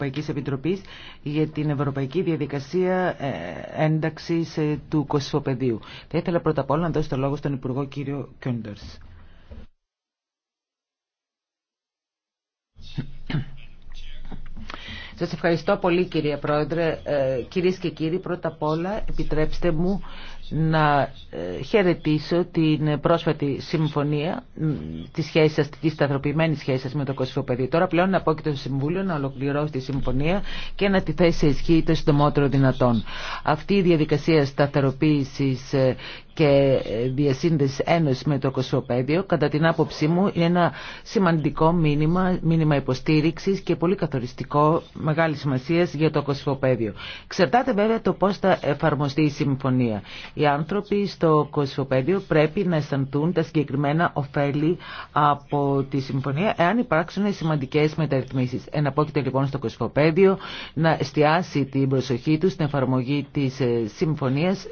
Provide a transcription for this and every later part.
Ευρωπαϊκής Επιτροπής για την Ευρωπαϊκή Διαδικασία ε, Ένταξης ε, του Κωσφοπεδίου. Θα ήθελα πρώτα απ' όλα να δώσω το λόγο στον Υπουργό κύριο Κιόντερς. Σας ευχαριστώ πολύ κύριε Πρόεδρε. Ε, κυρίες και κύριοι, πρώτα απ' όλα επιτρέψτε μου να ε, χαιρετήσω την πρόσφατη συμφωνία της σχέση σας, τη σταθεροποιημένη σχέση με το Παιδί. Τώρα πλέον να πω και το Συμβούλιο να ολοκληρώσει τη συμφωνία και να τη θέσει σε ισχύ το συντομότερο δυνατόν. Αυτή η διαδικασία σταθεροποίησης ε, και ε, διασύνδεση ένωση με το Κωσοπέδιο, κατά την άποψή μου, είναι ένα σημαντικό μήνυμα, μήνυμα υποστήριξη και πολύ καθοριστικό, μεγάλη σημασία για το Κωσοπέδιο. Ξερτάται βέβαια το πώ θα εφαρμοστεί η συμφωνία. Οι άνθρωποι στο Κοσμοπέδιο πρέπει να αισθαντούν τα συγκεκριμένα ωφέλη από τη συμφωνία εάν υπάρξουν σημαντικές μεταρρυθμίσεις. Εναπόκειται λοιπόν στο Κοσμοπέδιο να εστιάσει την προσοχή του στην εφαρμογή της ε, συμφωνίας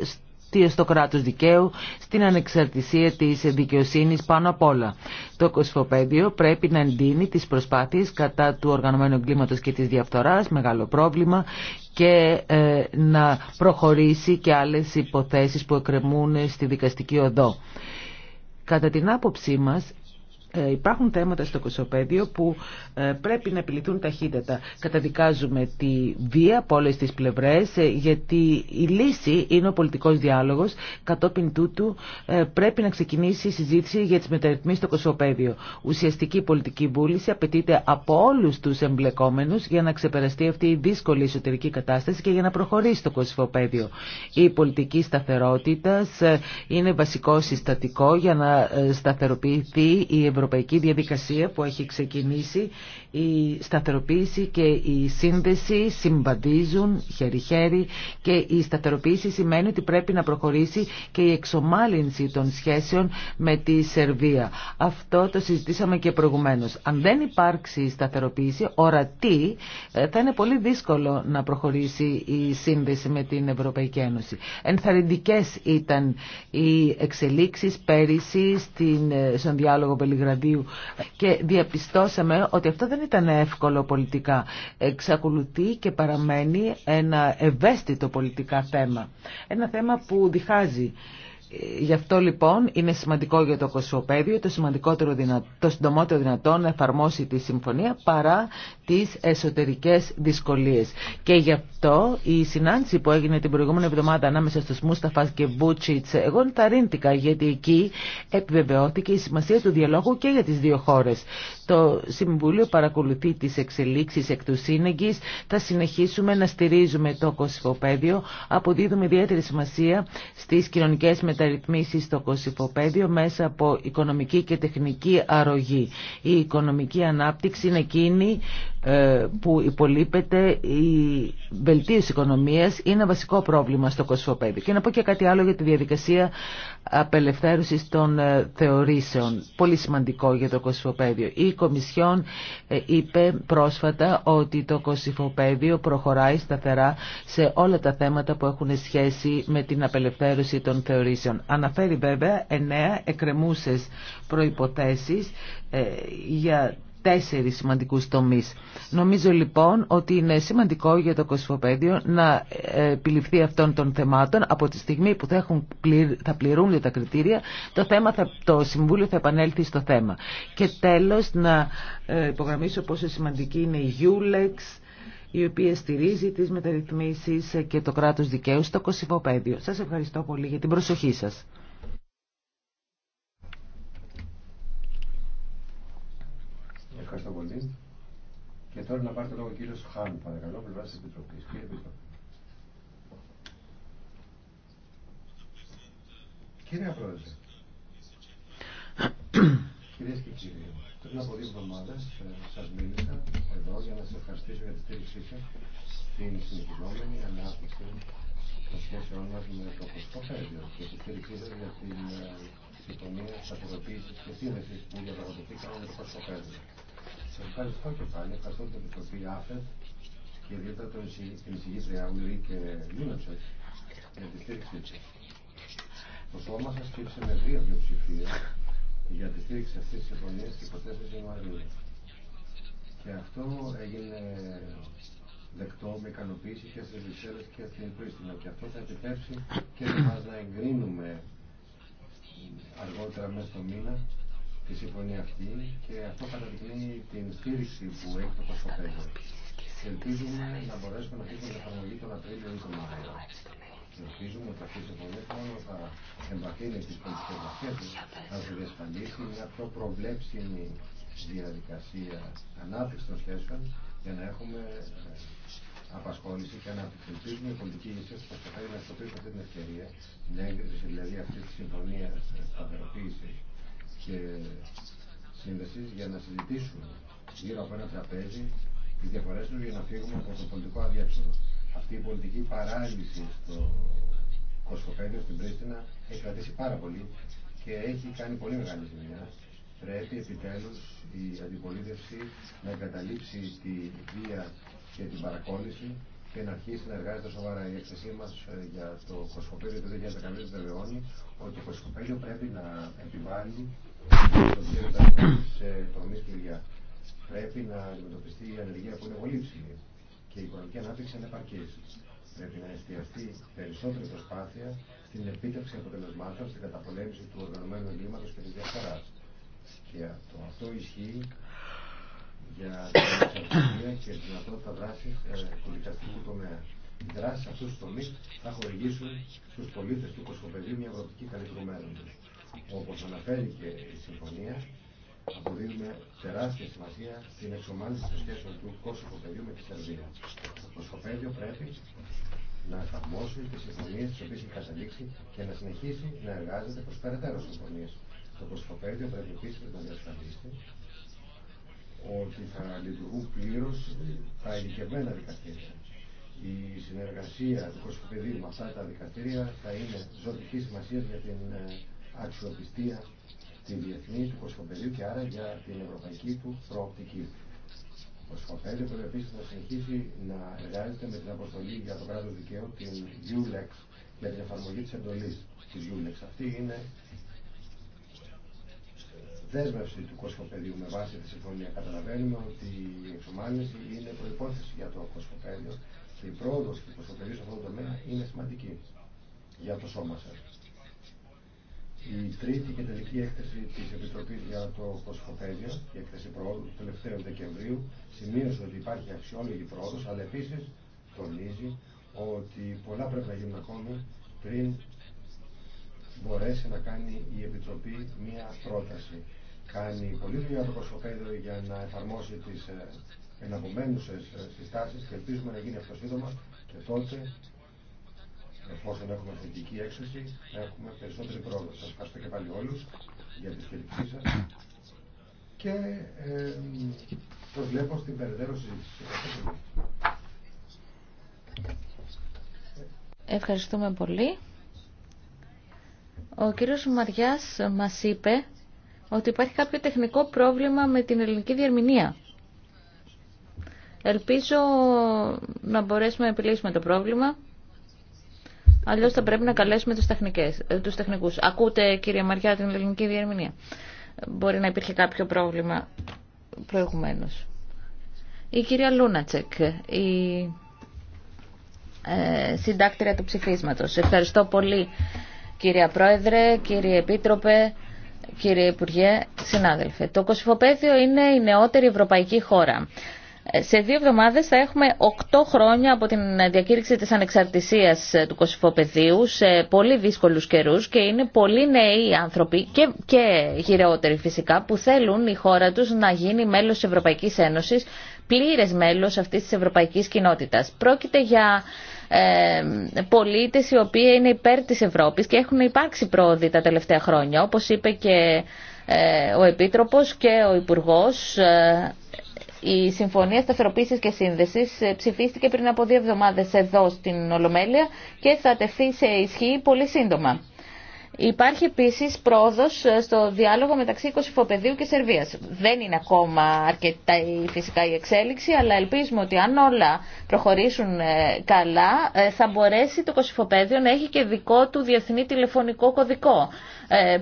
στο κράτος δικαίου, στην ανεξαρτησία της δικαιοσύνης πάνω απ' όλα. Το κοσφοπέδιο πρέπει να εντείνει τις προσπάθειες κατά του οργανωμένου εγκλήματος και της διαφθοράς, μεγάλο πρόβλημα, και ε, να προχωρήσει και άλλες υποθέσεις που εκκρεμούν στη δικαστική οδό. Κατά την άποψή μας ε, υπάρχουν θέματα στο κοσοπέδιο που ε, πρέπει να επιληθούν ταχύτατα. Καταδικάζουμε τη βία από όλε τι πλευρέ ε, γιατί η λύση είναι ο πολιτικό διάλογο. Κατόπιν τούτου πρέπει να ξεκινήσει η συζήτηση για τι μεταρρυθμίσει στο κοσοπέδιο. Ουσιαστική πολιτική βούληση απαιτείται από όλου του εμπλεκόμενου για να ξεπεραστεί αυτή η δύσκολη εσωτερική κατάσταση και για να προχωρήσει το κοσοπέδιο. Η πολιτική σταθερότητα είναι βασικό συστατικό για να σταθεροποιηθεί η ευρωπαϊκή διαδικασία που έχει ξεκινήσει. Η σταθεροποίηση και η σύνδεση συμβαδίζουν χέρι-χέρι και η σταθεροποίηση σημαίνει ότι πρέπει να προχωρήσει και η εξομάλυνση των σχέσεων με τη Σερβία. Αυτό το συζητήσαμε και προηγουμένως. Αν δεν υπάρξει σταθεροποίηση, ορατή, ε, θα είναι πολύ δύσκολο να προχωρήσει η σύνδεση με την Ευρωπαϊκή Ένωση. Ενθαρρυντικές ήταν οι εξελίξεις πέρυσι ε, στον διάλογο και διαπιστώσαμε ότι αυτό δεν ήταν εύκολο πολιτικά. Εξακολουθεί και παραμένει ένα ευαίσθητο πολιτικά θέμα. Ένα θέμα που διχάζει Γι' αυτό λοιπόν είναι σημαντικό για το Κοσμοπέδιο το, σημαντικότερο δυνατό, το συντομότερο δυνατόν να εφαρμόσει τη συμφωνία παρά τις εσωτερικές δυσκολίες. Και γι' αυτό η συνάντηση που έγινε την προηγούμενη εβδομάδα ανάμεσα στους Μούσταφας και Μπούτσιτς εγώ ενθαρρύντηκα γιατί εκεί επιβεβαιώθηκε η σημασία του διαλόγου και για τις δύο χώρες. Το Συμβούλιο παρακολουθεί τις εξελίξεις εκ του Σύνεγγης. Θα συνεχίσουμε να στηρίζουμε το Κοσμοπέδιο. Αποδίδουμε ιδιαίτερη σημασία στις κοινωνικέ μετα μεταρρυθμίσει στο Κωσυφοπαίδιο μέσα από οικονομική και τεχνική αρρωγή. Η οικονομική ανάπτυξη είναι εκείνη ε, που υπολείπεται η βελτίωση οικονομίας είναι βασικό πρόβλημα στο Κωσυφοπαίδιο. Και να πω και κάτι άλλο για τη διαδικασία Απελευθέρωση των ε, θεωρήσεων. Πολύ σημαντικό για το κοσυφοπαίδιο. Η Κομισιόν ε, είπε πρόσφατα ότι το κοσυφοπαίδιο προχωράει σταθερά σε όλα τα θέματα που έχουν σχέση με την απελευθέρωση των θεωρήσεων. Αναφέρει βέβαια εννέα εκκρεμούσες προϋποθέσεις ε, για τέσσερις σημαντικούς τομείς. Νομίζω λοιπόν ότι είναι σημαντικό για το κοσμοπέδιο να ε, επιληφθεί αυτών των θεμάτων από τη στιγμή που θα, έχουν, θα τα κριτήρια το, θέμα θα, το Συμβούλιο θα επανέλθει στο θέμα. Και τέλος να ε, υπογραμμίσω πόσο σημαντική είναι η Ulex, η οποία στηρίζει τις μεταρρυθμίσεις και το κράτος δικαίου στο Κωσυφοπαίδιο. Σας ευχαριστώ πολύ για την προσοχή σας. Ευχαριστώ πολύ. Και τώρα να πάρει το λόγο ο κύριο Χάν, παρακαλώ, πλευρά της Επιτροπής. Κύριε Επιτροπή. Κύριε Πρόεδρε, Κυρίε και κύριοι, πριν από δύο εβδομάδε ε, σα μίλησα εδώ για να σα ευχαριστήσω για τη στήριξή σα στην συνεχιζόμενη ανάπτυξη των σχέσεων μα με το κοσμοπέδιο και τη στήριξή σα για την ε, συμφωνία σταθεροποίηση και σύνδεση που διαπραγματοποιήκαμε με το κοσμοπέδιο. Ευχαριστώ και πάλι. Ευχαριστώ την Επιτροπή ΑΦΕΤ και ιδιαίτερα την εισηγήτρια Ουλή και Λίνατσεκ για τη στήριξή τη. Το σώμα σα στήριξε με δύο πλειοψηφίε για τη στήριξη αυτή τη συμφωνία στι 24 Ιανουαρίου. Και αυτό έγινε δεκτό με ικανοποίηση και στι Βρυξέλλε και στην Πρίστινα. Και αυτό θα επιτρέψει και εμά να εγκρίνουμε αργότερα μέσα στο μήνα τη συμφωνία αυτή και αυτό καταδεικνύει την στήριξη που έχει το Κωσοπέδιο. Ελπίζουμε να μπορέσουμε να αρχίσουμε την εφαρμογή τον Απρίλιο ή τον Μάιο. Ελπίζουμε ότι αυτή η συμφωνία μόνο θα εμβαθύνει τι πολιτικέ μα θέσει, θα διασφαλίσει μια πιο προβλέψιμη διαδικασία ανάπτυξη των σχέσεων για να έχουμε ε, απασχόληση και να ελπίζουμε πολιτική πολιτική ηγεσίε που καταφέρει να χρησιμοποιήσει αυτή την ευκαιρία, την έγκριση δηλαδή αυτή τη συμφωνία σταθεροποίηση και σύνδεση για να συζητήσουμε γύρω από ένα τραπέζι τι διαφορέ του για να φύγουμε από το πολιτικό αδιέξοδο. Αυτή η πολιτική παράλυση στο Κοσμοπέδιο, στην Πρίστινα, έχει κρατήσει πάρα πολύ και έχει κάνει πολύ μεγάλη ζημιά. Πρέπει επιτέλου η αντιπολίτευση να εγκαταλείψει τη βία και την παρακόλληση και να αρχίσει να εργάζεται σοβαρά. Η έκθεσή μα ε, για το Κοσμοπέδιο του 2015 ότι το Κοσμοπέδιο πρέπει να επιβάλλει σε τομεί κλειδιά. Πρέπει να αντιμετωπιστεί η ανεργία που είναι πολύ ψηλή και η οικονομική ανάπτυξη ανεπαρκής. Πρέπει να εστιαστεί περισσότερη προσπάθεια στην επίτευξη αποτελεσμάτων, στην καταπολέμηση του οργανωμένου εγκλήματος και τη διαφορά. Και το αυτό ισχύει για την εξαρτησία και τη δυνατότητα δράση ε, του δικαστικού τομέα. Οι δράσει σε αυτού του τομεί θα χορηγήσουν στου πολίτε του Κοσμοπεδίου μια ευρωτική καλύτερου όπως αναφέρει και η συμφωνία, αποδίδουμε τεράστια σημασία στην εξομάλυνση των σχέσεων του Κόσμου Παιδίου με τη Σερβία. Το σκοπέδιο πρέπει να εφαρμόσει τι συμφωνίε τι οποίε έχει καταλήξει και να συνεχίσει να εργάζεται προ περαιτέρω συμφωνίε. Το Κοσμοπέδιο πρέπει επίση να διασφαλίσει ότι θα λειτουργούν πλήρω τα ειδικευμένα δικαστήρια. Η συνεργασία του Κοσμοπεδίου με αυτά τα δικαστήρια θα είναι ζωτική σημασία για την ε, αξιοπιστία τη διεθνή του Κοσμοπεδίου και άρα για την ευρωπαϊκή του προοπτική. Ο Κοσμοπέδιο πρέπει επίση να συνεχίσει να εργάζεται με την αποστολή για το κράτο δικαίου, την ULEX, για την εφαρμογή τη εντολή τη ULEX. Αυτή είναι δέσμευση του κοσμοπεδίου με βάση τη συμφωνία. Καταλαβαίνουμε ότι η εξομάλυνση είναι προπόθεση για το κοσμοπέδιο και η πρόοδο του κοσμοπεδίου σε αυτό το τομέα είναι σημαντική για το σώμα σα η τρίτη και τελική έκθεση τη Επιτροπή για το Κοσμοπέδιο, η έκθεση πρόοδου του τελευταίου Δεκεμβρίου, σημείωσε ότι υπάρχει αξιόλογη πρόοδο, αλλά επίση τονίζει ότι πολλά πρέπει να γίνουν ακόμη πριν μπορέσει να κάνει η Επιτροπή μία πρόταση. Κάνει πολύ δουλειά το Κοσμοπέδιο για να εφαρμόσει τι ε, εναπομένουσε συστάσει και ελπίζουμε να γίνει αυτό σύντομα και τότε εφόσον έχουμε θετική έξεση, έχουμε περισσότερη πρόοδο. Σας ευχαριστώ και πάλι όλους για τη στήριξή σας και ε, βλέπω στην περαιτέρω συζήτηση. Ευχαριστούμε πολύ. Ο κύριος Μαριάς μας είπε ότι υπάρχει κάποιο τεχνικό πρόβλημα με την ελληνική διερμηνία. Ελπίζω να μπορέσουμε να επιλύσουμε το πρόβλημα. Αλλιώ θα πρέπει να καλέσουμε του ε, τους τεχνικούς. Ακούτε κυρία Μαριά την ελληνική διερμηνία. Μπορεί να υπήρχε κάποιο πρόβλημα προηγουμένω. Η κυρία Λούνατσεκ, η ε, συντάκτρια του ψηφίσματο. Ευχαριστώ πολύ κυρία Πρόεδρε, κύριε Επίτροπε, κύριε Υπουργέ, συνάδελφε. Το Κωσυφοπαίδιο είναι η νεότερη ευρωπαϊκή χώρα. Σε δύο εβδομάδες θα έχουμε 8 χρόνια από την διακήρυξη της ανεξαρτησίας ε, του Κωσυφοπεδίου σε πολύ δύσκολους καιρούς και είναι πολλοί νέοι άνθρωποι και, και φυσικά που θέλουν η χώρα τους να γίνει μέλος της Ευρωπαϊκής Ένωσης, πλήρες μέλος αυτής της Ευρωπαϊκής Κοινότητας. Πρόκειται για ε, πολίτες οι οποίοι είναι υπέρ της Ευρώπης και έχουν υπάρξει πρόοδοι τα τελευταία χρόνια, όπως είπε και ε, ο Επίτροπος και ο Υπουργός. Ε, η Συμφωνία Σταθεροποίηση και Σύνδεση ε, ψηφίστηκε πριν από δύο εβδομάδε εδώ στην Ολομέλεια και θα τεθεί σε ισχύ πολύ σύντομα. Υπάρχει επίση πρόοδο ε, στο διάλογο μεταξύ Κωσυφοπεδίου και Σερβία. Δεν είναι ακόμα αρκετά φυσικά η εξέλιξη, αλλά ελπίζουμε ότι αν όλα προχωρήσουν ε, καλά, ε, θα μπορέσει το Κωσυφοπέδιο να έχει και δικό του διεθνή τηλεφωνικό κωδικό,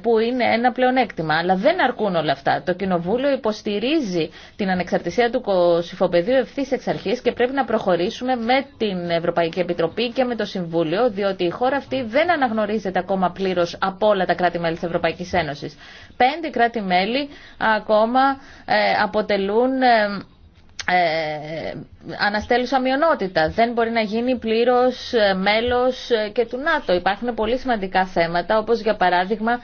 που είναι ένα πλεονέκτημα. Αλλά δεν αρκούν όλα αυτά. Το Κοινοβούλιο υποστηρίζει την ανεξαρτησία του Κωσυφοπεδίου ευθύ εξ αρχή και πρέπει να προχωρήσουμε με την Ευρωπαϊκή Επιτροπή και με το Συμβούλιο, διότι η χώρα αυτή δεν αναγνωρίζεται ακόμα πλήρω από όλα τα κράτη-μέλη της Ευρωπαϊκής Ένωσης. Πέντε κράτη-μέλη ακόμα ε, αποτελούν ε, ε αναστέλουσα Δεν μπορεί να γίνει πλήρως ε, μέλος και του ΝΑΤΟ. Υπάρχουν πολύ σημαντικά θέματα όπως για παράδειγμα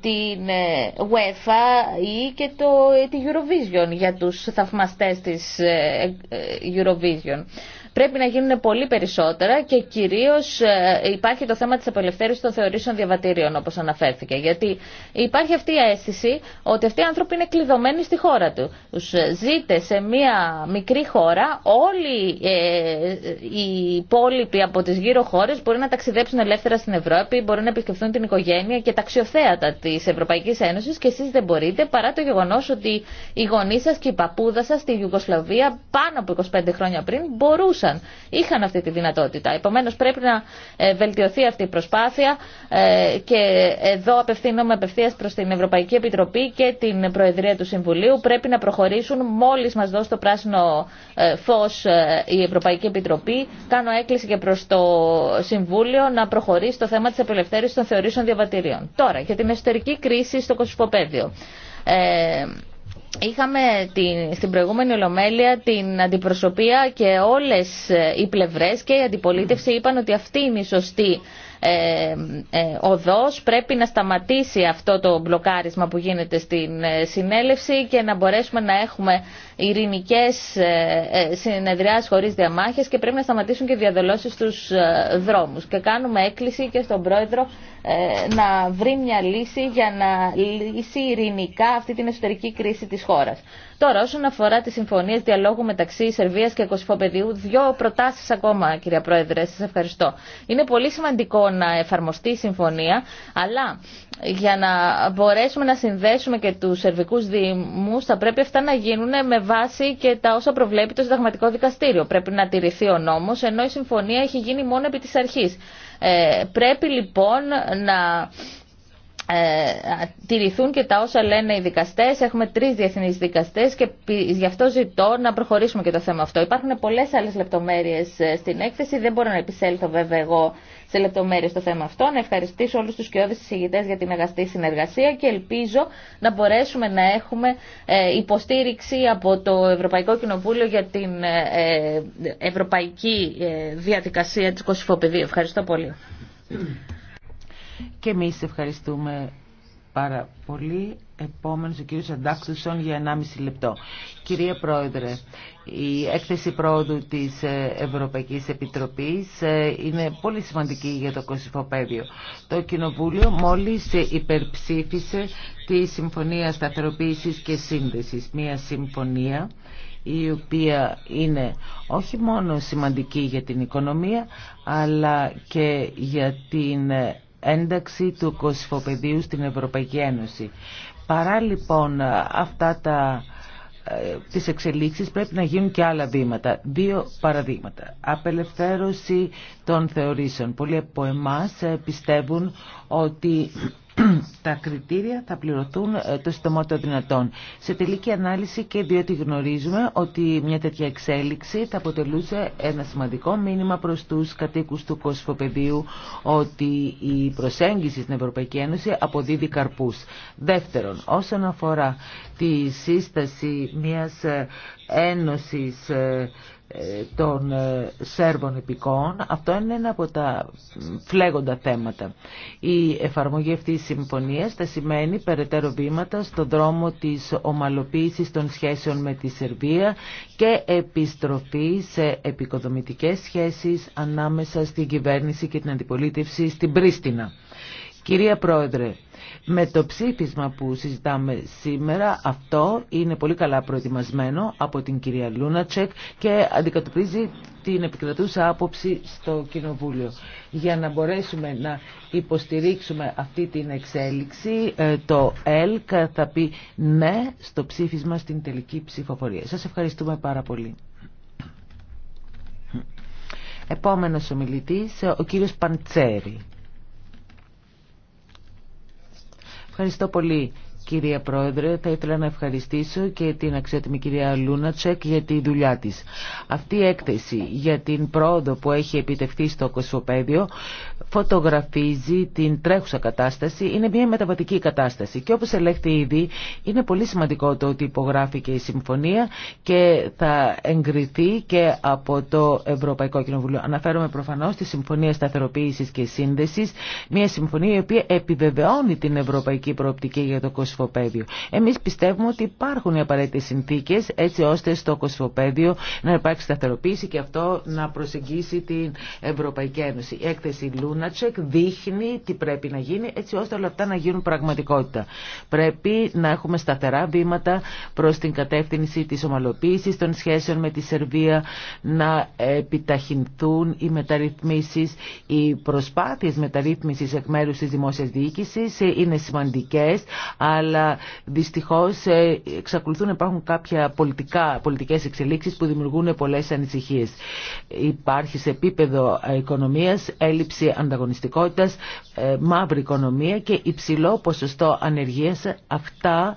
την UEFA ή και το, τη Eurovision για τους θαυμαστές της ε, Eurovision. Πρέπει να γίνουν πολύ περισσότερα και κυρίω ε, υπάρχει το θέμα τη απελευθέρωση των θεωρήσεων διαβατηρίων, όπω αναφέρθηκε. Γιατί υπάρχει αυτή η αίσθηση ότι αυτοί οι άνθρωποι είναι κλειδωμένοι στη χώρα του. Ε, ζείτε σε μία μικρή χώρα, όλοι ε, οι υπόλοιποι από τι γύρω χώρε μπορεί να ταξιδέψουν ελεύθερα στην Ευρώπη, μπορεί να επισκεφθούν την οικογένεια και τα αξιοθέατα τη Ευρωπαϊκή Ένωση και εσεί δεν μπορείτε παρά το γεγονό ότι οι γονεί σα και η παππούδα σα στη Ιουγκοσλαβία πάνω από 25 χρόνια πριν μπορούσαν μπορούσαν, είχαν αυτή τη δυνατότητα. Επομένως πρέπει να ε, βελτιωθεί αυτή η προσπάθεια ε, και εδώ απευθύνομαι απευθεία προς την Ευρωπαϊκή Επιτροπή και την Προεδρία του Συμβουλίου. Πρέπει να προχωρήσουν μόλις μας δώσει το πράσινο ε, φως η Ευρωπαϊκή Επιτροπή. Κάνω έκκληση και προς το Συμβούλιο να προχωρήσει το θέμα της απελευθέρωσης των θεωρήσεων διαβατηρίων. Τώρα, για την εσωτερική κρίση στο κοσμοπέδιο. Είχαμε την, στην προηγούμενη Ολομέλεια την αντιπροσωπεία και όλες ε, οι πλευρές και η αντιπολίτευση είπαν ότι αυτή είναι η σωστή ε, ε οδός. Πρέπει να σταματήσει αυτό το μπλοκάρισμα που γίνεται στην ε, συνέλευση και να μπορέσουμε να έχουμε Ειρηνικέ ε, ε, συνεδριά χωρίς διαμάχες και πρέπει να σταματήσουν και οι διαδηλώσει στου ε, δρόμους. Και κάνουμε έκκληση και στον Πρόεδρο να βρει μια λύση για να λύσει ειρηνικά αυτή την εσωτερική κρίση της χώρας. Τώρα, όσον αφορά τι συμφωνίε διαλόγου μεταξύ Σερβίας και Κωσυφοπεδίου, δύο προτάσει ακόμα, κυρία Πρόεδρε, σα ευχαριστώ. Είναι πολύ σημαντικό να εφαρμοστεί η συμφωνία, αλλά για να μπορέσουμε να συνδέσουμε και τους σερβικούς δήμους θα πρέπει αυτά να γίνουν με βάση και τα όσα προβλέπει το συνταγματικό δικαστήριο. Πρέπει να τηρηθεί ο νόμος ενώ η συμφωνία έχει γίνει μόνο επί της αρχής. Ε, πρέπει λοιπόν να ε, τηρηθούν και τα όσα λένε οι δικαστές. Έχουμε τρεις διεθνείς δικαστές και γι' αυτό ζητώ να προχωρήσουμε και το θέμα αυτό. Υπάρχουν πολλές άλλες λεπτομέρειες ε, στην έκθεση, δεν μπορώ να επισέλθω βέβαια εγώ σε λεπτομέρειε το θέμα αυτό. Να ευχαριστήσω όλου του κοιόδη συζητητέ για την αγαστή συνεργασία και ελπίζω να μπορέσουμε να έχουμε ε, υποστήριξη από το Ευρωπαϊκό Κοινοβούλιο για την ε, ε, ευρωπαϊκή διαδικασία τη Κωσυφοπεδίου. Ευχαριστώ πολύ. Και εμεί ευχαριστούμε πάρα πολύ. Επόμενος ο κύριος Αντάξουσον για 1,5 λεπτό. Κυρία Πρόεδρε, η έκθεση πρόοδου της ε, Ευρωπαϊκής Επιτροπής ε, είναι πολύ σημαντική για το κοσυφοπαίδιο. Το Κοινοβούλιο μόλις υπερψήφισε τη Συμφωνία Σταθεροποίησης και Σύνδεσης. Μία συμφωνία η οποία είναι όχι μόνο σημαντική για την οικονομία αλλά και για την ένταξη του κοσφοπεδίου στην Ευρωπαϊκή Ένωση. Παρά λοιπόν αυτά τα ε, τις εξελίξεις πρέπει να γίνουν και άλλα βήματα. Δύο παραδείγματα. Απελευθέρωση των θεωρήσεων. Πολλοί από εμάς ε, πιστεύουν ότι τα κριτήρια θα πληρωθούν ε, το των δυνατών. Σε τελική ανάλυση και διότι γνωρίζουμε ότι μια τέτοια εξέλιξη θα αποτελούσε ένα σημαντικό μήνυμα προς τους κατοίκους του Κοσφοπεδίου ότι η προσέγγιση στην Ευρωπαϊκή Ένωση αποδίδει καρπούς. Δεύτερον, όσον αφορά τη σύσταση μιας ε, ένωσης ε, των ε, Σέρβων επικών, Αυτό είναι ένα από τα φλέγοντα θέματα. Η εφαρμογή αυτής της συμφωνίας θα σημαίνει περαιτέρω βήματα στον δρόμο της ομαλοποίησης των σχέσεων με τη Σερβία και επιστροφή σε επικοδομητικές σχέσεις ανάμεσα στην κυβέρνηση και την αντιπολίτευση στην Πρίστινα. Κυρία Πρόεδρε, με το ψήφισμα που συζητάμε σήμερα, αυτό είναι πολύ καλά προετοιμασμένο από την κυρία Λούνατσεκ και αντικατοπτρίζει την επικρατούσα άποψη στο Κοινοβούλιο. Για να μπορέσουμε να υποστηρίξουμε αυτή την εξέλιξη, ε, το ΕΛΚ θα πει ναι στο ψήφισμα στην τελική ψηφοφορία. Σας ευχαριστούμε πάρα πολύ. Επόμενος ομιλητής, ο κύριος Παντσέρη. Ευχαριστώ πολύ. Κυρία Πρόεδρε, θα ήθελα να ευχαριστήσω και την αξιότιμη κυρία Λούνατσεκ για τη δουλειά της. Αυτή η έκθεση για την πρόοδο που έχει επιτευχθεί στο Κοσμοπέδιο φωτογραφίζει την τρέχουσα κατάσταση. Είναι μια μεταβατική κατάσταση και όπως ελέγχεται ήδη είναι πολύ σημαντικό το ότι υπογράφηκε η συμφωνία και θα εγκριθεί και από το Ευρωπαϊκό Κοινοβουλίο. Αναφέρομαι προφανώς στη Συμφωνία Σταθεροποίησης και Σύνδεσης, μια συμφωνία η οποία επιβεβαιώνει την ευρωπαϊκή προοπτική για το Κοσμοπέδιο κοσφοπέδιο. Εμείς πιστεύουμε ότι υπάρχουν οι απαραίτητε συνθήκε έτσι ώστε στο Κοσμοπέδιο να υπάρξει σταθεροποίηση και αυτό να προσεγγίσει την Ευρωπαϊκή Ένωση. Η έκθεση Λούνατσεκ δείχνει τι πρέπει να γίνει έτσι ώστε όλα αυτά να γίνουν πραγματικότητα. Πρέπει να έχουμε σταθερά βήματα προ την κατεύθυνση της ομαλοποίηση των σχέσεων με τη Σερβία, να επιταχυνθούν οι μεταρρυθμίσει, οι προσπάθειε μεταρρύθμιση εκ μέρου τη δημόσια διοίκηση είναι σημαντικέ, αλλά δυστυχώς ε, εξακολουθούν να υπάρχουν κάποια πολιτικά, πολιτικές εξελίξεις που δημιουργούν πολλές ανησυχίες. Υπάρχει σε επίπεδο ε, οικονομίας έλλειψη ανταγωνιστικότητας, ε, μαύρη οικονομία και υψηλό ποσοστό ανεργίας. Αυτά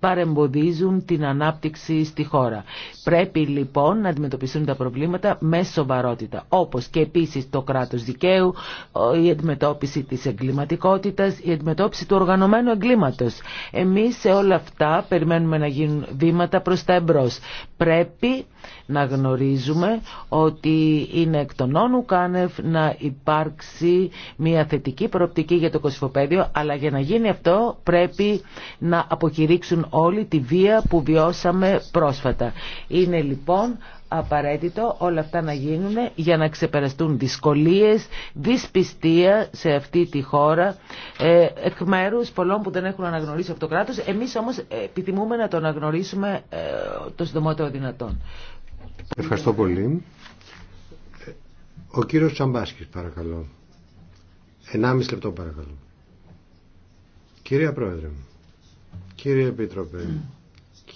παρεμποδίζουν την ανάπτυξη στη χώρα. Πρέπει λοιπόν να αντιμετωπιστούν τα προβλήματα με σοβαρότητα, όπως και επίσης το κράτος δικαίου, η αντιμετώπιση της εγκληματικότητας, η αντιμετώπιση του οργανωμένου εγκλήματο. Εμεί Εμείς σε όλα αυτά περιμένουμε να γίνουν βήματα προς τα εμπρός. Πρέπει να γνωρίζουμε ότι είναι εκ των όνου κάνευ να υπάρξει μια θετική προοπτική για το κοσφοπέδιο, αλλά για να γίνει αυτό πρέπει να αποκηρύξουν όλη τη βία που βιώσαμε πρόσφατα. Είναι λοιπόν απαραίτητο όλα αυτά να γίνουν για να ξεπεραστούν δυσκολίες, δυσπιστία σε αυτή τη χώρα ε, εκ μέρου πολλών που δεν έχουν αναγνωρίσει αυτό το κράτος. Εμείς όμως επιθυμούμε να το αναγνωρίσουμε ε, το συντομότερο δυνατόν. Ευχαριστώ πολύ. Ο κύριος Τσαμπάσκης παρακαλώ. 1,5 λεπτό παρακαλώ. Κυρία Πρόεδρε, κύριε Επίτροπε,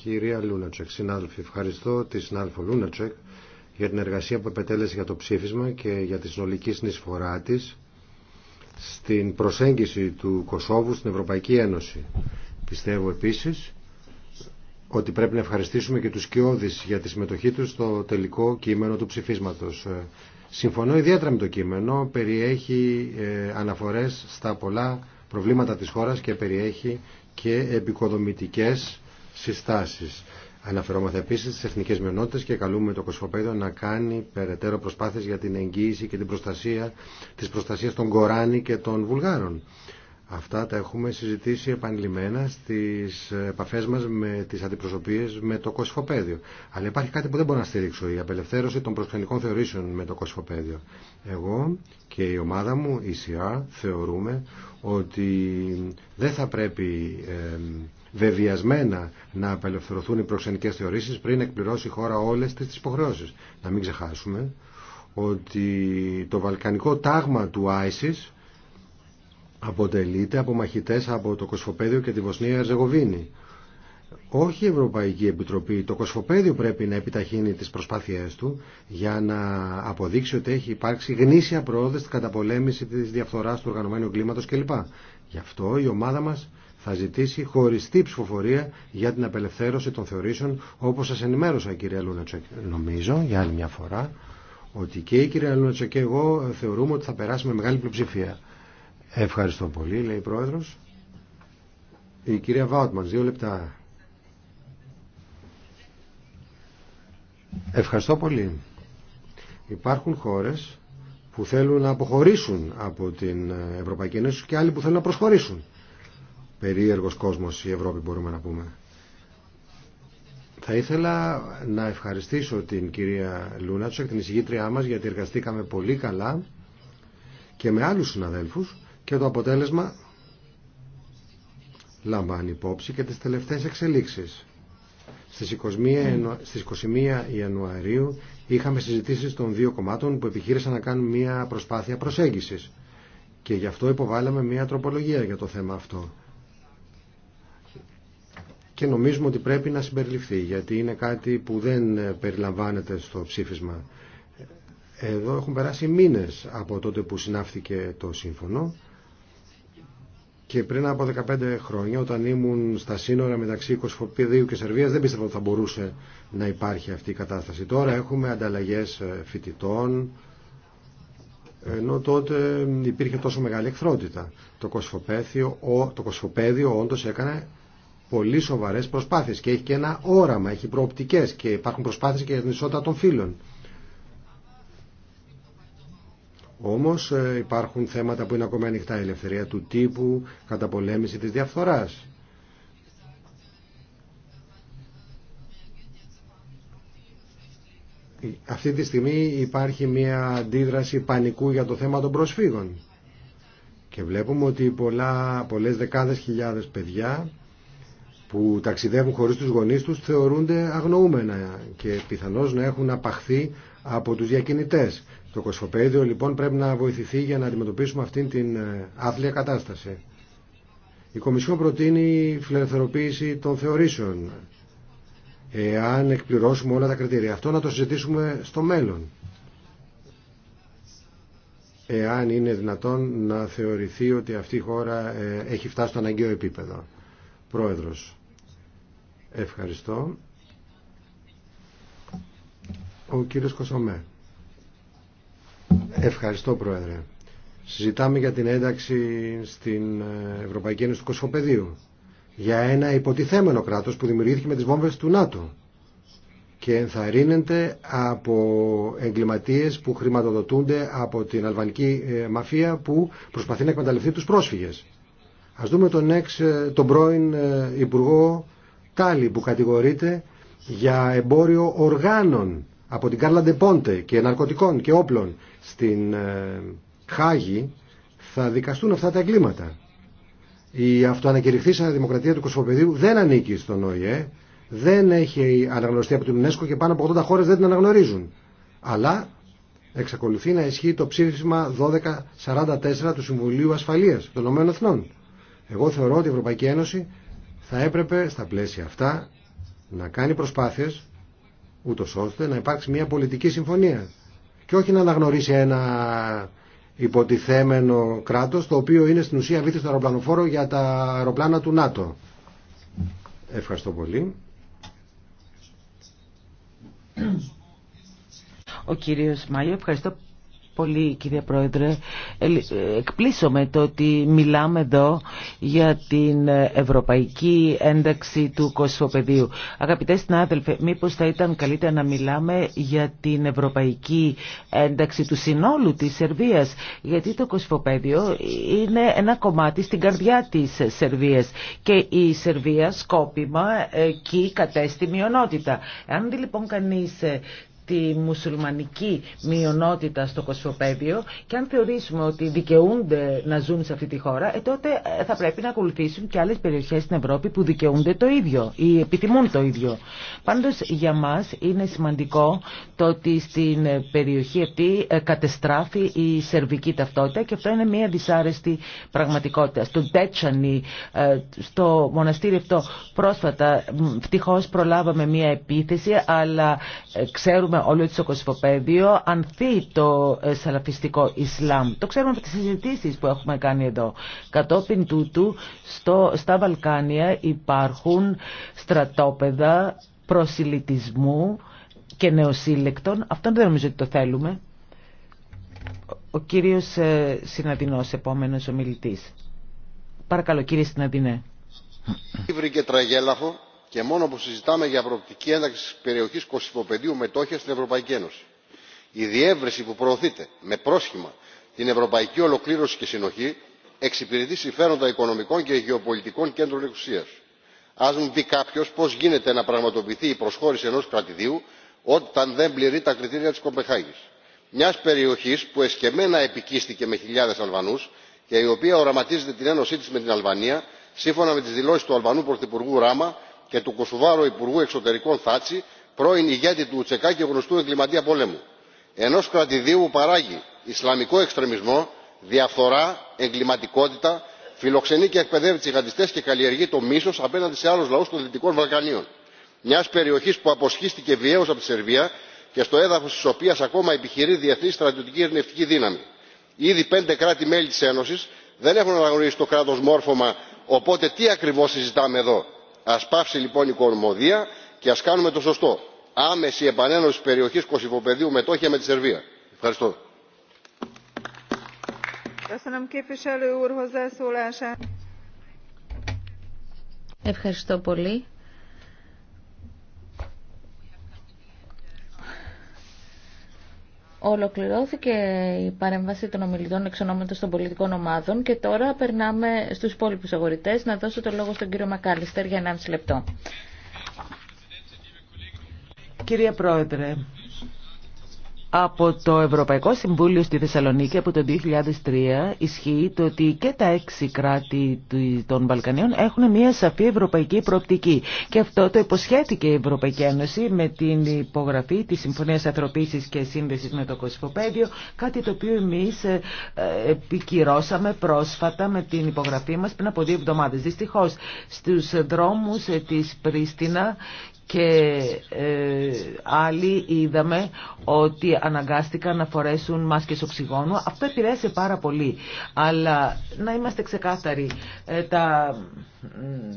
κυρία Λούνατσεκ. Συνάδελφοι, ευχαριστώ τη συνάδελφο Λούνατσεκ για την εργασία που επετέλεσε για το ψήφισμα και για τη συνολική συνεισφορά τη στην προσέγγιση του Κωσόβου στην Ευρωπαϊκή Ένωση. Πιστεύω επίση ότι πρέπει να ευχαριστήσουμε και τους Κιώδη για τη συμμετοχή τους στο τελικό κείμενο του ψηφίσματος. Ε, συμφωνώ ιδιαίτερα με το κείμενο, περιέχει ε, αναφορές στα πολλά προβλήματα της χώρας και περιέχει και επικοδομητικές συστάσει. Αναφερόμαστε επίση στι εθνικέ μειονότητε και καλούμε το Κοσμοπέδιο να κάνει περαιτέρω προσπάθειε για την εγγύηση και την προστασία τη προστασία των Κοράνι και των Βουλγάρων. Αυτά τα έχουμε συζητήσει επανειλημμένα στι επαφέ μα με τι αντιπροσωπείε με το Κοσφοπέδιο. Αλλά υπάρχει κάτι που δεν μπορώ να στηρίξω, η απελευθέρωση των προσκλητικών θεωρήσεων με το Κοσφοπέδιο. Εγώ και η ομάδα μου, η ΣΥΑ, θεωρούμε ότι δεν θα πρέπει βεβαιασμένα να απελευθερωθούν οι προξενικέ θεωρήσει πριν εκπληρώσει η χώρα όλε τι υποχρεώσει. Να μην ξεχάσουμε ότι το βαλκανικό τάγμα του ISIS αποτελείται από μαχητέ από το Κοσφοπέδιο και τη Βοσνία Ερζεγοβίνη. Όχι η Ευρωπαϊκή Επιτροπή, το Κοσφοπέδιο πρέπει να επιταχύνει τις προσπάθειές του για να αποδείξει ότι έχει υπάρξει γνήσια πρόοδο στην καταπολέμηση τη διαφθορά του οργανωμένου κλίματο κλπ. Γι' αυτό η ομάδα μας θα ζητήσει χωριστή ψηφοφορία για την απελευθέρωση των θεωρήσεων όπως σας ενημέρωσα κυρία Λούνατσοκ. Νομίζω για άλλη μια φορά ότι και η κυρία Λούνατσοκ και εγώ θεωρούμε ότι θα περάσει με μεγάλη πλειοψηφία. Ευχαριστώ πολύ λέει η Πρόεδρος. Η κυρία Βάουτμαντς, δύο λεπτά. Ευχαριστώ πολύ. Υπάρχουν χώρες που θέλουν να αποχωρήσουν από την Ευρωπαϊκή Ένωση και άλλοι που θέλουν να προσχωρήσουν περίεργος κόσμος η Ευρώπη μπορούμε να πούμε. Θα ήθελα να ευχαριστήσω την κυρία Λουνάτσο και την εισηγήτριά μας, γιατί εργαστήκαμε πολύ καλά και με άλλους συναδέλφους και το αποτέλεσμα λαμβάνει υπόψη και τις τελευταίες εξελίξεις. Στις 21, Ιανουαρίου είχαμε συζητήσεις των δύο κομμάτων που επιχείρησαν να κάνουν μια προσπάθεια προσέγγισης και γι' αυτό υποβάλαμε μια τροπολογία για το θέμα αυτό και νομίζουμε ότι πρέπει να συμπεριληφθεί γιατί είναι κάτι που δεν ε, περιλαμβάνεται στο ψήφισμα. Εδώ έχουν περάσει μήνες από τότε που συνάφθηκε το σύμφωνο και πριν από 15 χρόνια όταν ήμουν στα σύνορα μεταξύ Κοσμοπεδίου και Σερβίας δεν πίστευα ότι θα μπορούσε να υπάρχει αυτή η κατάσταση. Τώρα έχουμε ανταλλαγές ε, φοιτητών ενώ τότε υπήρχε τόσο μεγάλη εχθρότητα. Το Κοσφοπέδιο το όντως έκανε πολύ σοβαρέ προσπάθειες και έχει και ένα όραμα, έχει προοπτικές και υπάρχουν προσπάθειες και για την ισότητα των φύλων. Όμως ε, υπάρχουν θέματα που είναι ακόμα ανοιχτά, η ελευθερία του τύπου, καταπολέμηση τη διαφθορά. Ε, αυτή τη στιγμή υπάρχει μια αντίδραση πανικού για το θέμα των προσφύγων. Και βλέπουμε ότι πολλά, πολλές δεκάδες χιλιάδες παιδιά που ταξιδεύουν χωρίς τους γονείς τους θεωρούνται αγνοούμενα και πιθανώς να έχουν απαχθεί από τους διακινητές. Το κοσφοπέδιο λοιπόν πρέπει να βοηθηθεί για να αντιμετωπίσουμε αυτήν την ε, άθλια κατάσταση. Η Κομισιόν προτείνει φιλελευθερωποίηση των θεωρήσεων εάν εκπληρώσουμε όλα τα κριτήρια. Αυτό να το συζητήσουμε στο μέλλον. Εάν είναι δυνατόν να θεωρηθεί ότι αυτή η χώρα ε, έχει φτάσει στο αναγκαίο επίπεδο. Πρόεδρος. Ευχαριστώ. Ο κύριος Κοσομέ. Ευχαριστώ, Πρόεδρε. Συζητάμε για την ένταξη στην ε, Ευρωπαϊκή Ένωση του Κοσμοπεδίου. Για ένα υποτιθέμενο κράτος που δημιουργήθηκε με τις βόμβες του ΝΑΤΟ και ενθαρρύνεται από εγκληματίες που χρηματοδοτούνται από την αλβανική ε, μαφία που προσπαθεί να εκμεταλλευτεί τους πρόσφυγες. Ας δούμε τον, εξ, ε, τον πρώην Υπουργό Τάλι που κατηγορείται για εμπόριο οργάνων από την Κάρλα Ντεπόντε και ναρκωτικών και όπλων στην ε, Χάγη θα δικαστούν αυτά τα εγκλήματα. Η αυτοανακηρυχθήσα δημοκρατία του Κοσμοπεδίου δεν ανήκει στον ΟΗΕ, δεν έχει αναγνωριστεί από την UNESCO και πάνω από 80 χώρες δεν την αναγνωρίζουν. Αλλά εξακολουθεί να ισχύει το ψήφισμα 1244 του Συμβουλίου Ασφαλείας των ΗΠΑ. Εγώ θεωρώ ότι η Ευρωπαϊκή Ένωση θα έπρεπε στα πλαίσια αυτά να κάνει προσπάθειες ούτω ώστε να υπάρξει μια πολιτική συμφωνία και όχι να αναγνωρίσει ένα υποτιθέμενο κράτος το οποίο είναι στην ουσία βήθη του αεροπλανοφόρο για τα αεροπλάνα του ΝΑΤΟ. Ευχαριστώ πολύ. Ο κύριος Μάιο, ευχαριστώ πολύ κυρία Πρόεδρε. εκπλήσωμε το ότι μιλάμε εδώ για την ευρωπαϊκή ένταξη του κοσμοπεδίου. Αγαπητέ συνάδελφε, μήπως θα ήταν καλύτερα να μιλάμε για την ευρωπαϊκή ένταξη του συνόλου της Σερβίας. Γιατί το κοσμοπέδιο είναι ένα κομμάτι στην καρδιά της Σερβίας και η Σερβία σκόπιμα εκεί κατέστη μειονότητα. Αν δει λοιπόν κανείς τη μουσουλμανική μειονότητα στο Κοσμοπέδιο και αν θεωρήσουμε ότι δικαιούνται να ζουν σε αυτή τη χώρα, ε, τότε ε, θα πρέπει να ακολουθήσουν και άλλες περιοχές στην Ευρώπη που δικαιούνται το ίδιο ή επιθυμούν το ίδιο. Πάντως για μας είναι σημαντικό το ότι στην περιοχή αυτή ε, κατεστράφει η σερβική ταυτότητα και αυτό είναι μια δυσάρεστη πραγματικότητα. Στον Τέτσανι, στο μοναστήρι αυτό πρόσφατα, φτυχώς προλάβαμε μια επίθεση, αλλά ξέρουμε όλο το κοσμοπέδιο ανθεί το ε, σαλαφιστικό Ισλάμ. Το ξέρουμε από τις συζητήσεις που έχουμε κάνει εδώ. Κατόπιν τούτου στο, στα Βαλκάνια υπάρχουν στρατόπεδα προσιλητισμού και νεοσύλλεκτων. Αυτό δεν νομίζω ότι το θέλουμε. Ο κύριος ε, επόμενο επόμενος ομιλητής. Παρακαλώ κύριε Συναντινέ Βρήκε τραγέλαφο και μόνο που συζητάμε για προοπτική ένταξη περιοχή κωσυφοπεδίου μετόχια στην ευρωπαϊκή ένωση. η διεύρυνση που προωθείται με πρόσχημα την ευρωπαϊκή ολοκλήρωση και συνοχή εξυπηρετεί συμφέροντα οικονομικών και γεωπολιτικών κέντρων εξουσία. α μου πει κάποιο πώ γίνεται να πραγματοποιηθεί η προσχώρηση ενό κρατηδίου όταν δεν πληρεί τα κριτήρια τη κοπεχάγη. μια περιοχή που εσκεμμένα επικίστηκε με χιλιάδε αλβανού και η οποία οραματίζεται την ένωσή τη με την αλβανία σύμφωνα με τι δηλώσει του αλβανού πρωθυπουργού ράμα και του Κοσουβάρου υπουργού εξωτερικών θάτσι πρώην ηγέτη του ουτσεκά και γνωστού εγκληματία πολέμου ενός κρατηδίου που παράγει ισλαμικό εξτρεμισμό διαφθορά εγκληματικότητα φιλοξενεί και εκπαιδεύει τζιχαντιστές και καλλιεργεί το μίσος απέναντι σε άλλους λαούς των δυτικών βαλκανίων μιας περιοχής που αποσχίστηκε βιαίως από τη σερβία και στο έδαφος της οποίας ακόμα επιχειρεί διεθνή στρατιωτική ειρηνευτική δύναμη. ήδη πέντε κράτη μέλη της ένωσης δεν έχουν αναγνωρίσει το κράτο μόρφωμα οπότε τι ακριβώς συζητάμε εδώ; ας πάψει λοιπόν η κορμοδία και ας κάνουμε το σωστό άμεση επανένωση της περιοχής κωσυφοπεδίου μετόχια με τη σερβία. ευχαριστώ. Ευχαριστώ πολύ. Ολοκληρώθηκε η παρέμβαση των ομιλητών εξ των πολιτικών ομάδων και τώρα περνάμε στους υπόλοιπου αγορητέ Να δώσω το λόγο στον κύριο Μακάλιστερ για 1,5 λεπτό. Κυρία Πρόεδρε, από το Ευρωπαϊκό Συμβούλιο στη Θεσσαλονίκη από το 2003 ισχύει το ότι και τα έξι κράτη των Βαλκανίων έχουν μια σαφή ευρωπαϊκή προοπτική. Και αυτό το υποσχέθηκε η Ευρωπαϊκή Ένωση με την υπογραφή της Συμφωνίας Ανθρωπίσης και Σύνδεσης με το Κοσμοπέδιο, κάτι το οποίο εμείς ε, επικυρώσαμε πρόσφατα με την υπογραφή μας πριν από δύο εβδομάδες. Δυστυχώς στους δρόμους ε, της Πρίστινα και ε, άλλοι είδαμε ότι αναγκάστηκαν να φορέσουν μάσκες οξυγόνου. Αυτό επηρέασε πάρα πολύ. Αλλά να είμαστε ξεκάθαροι, ε, τα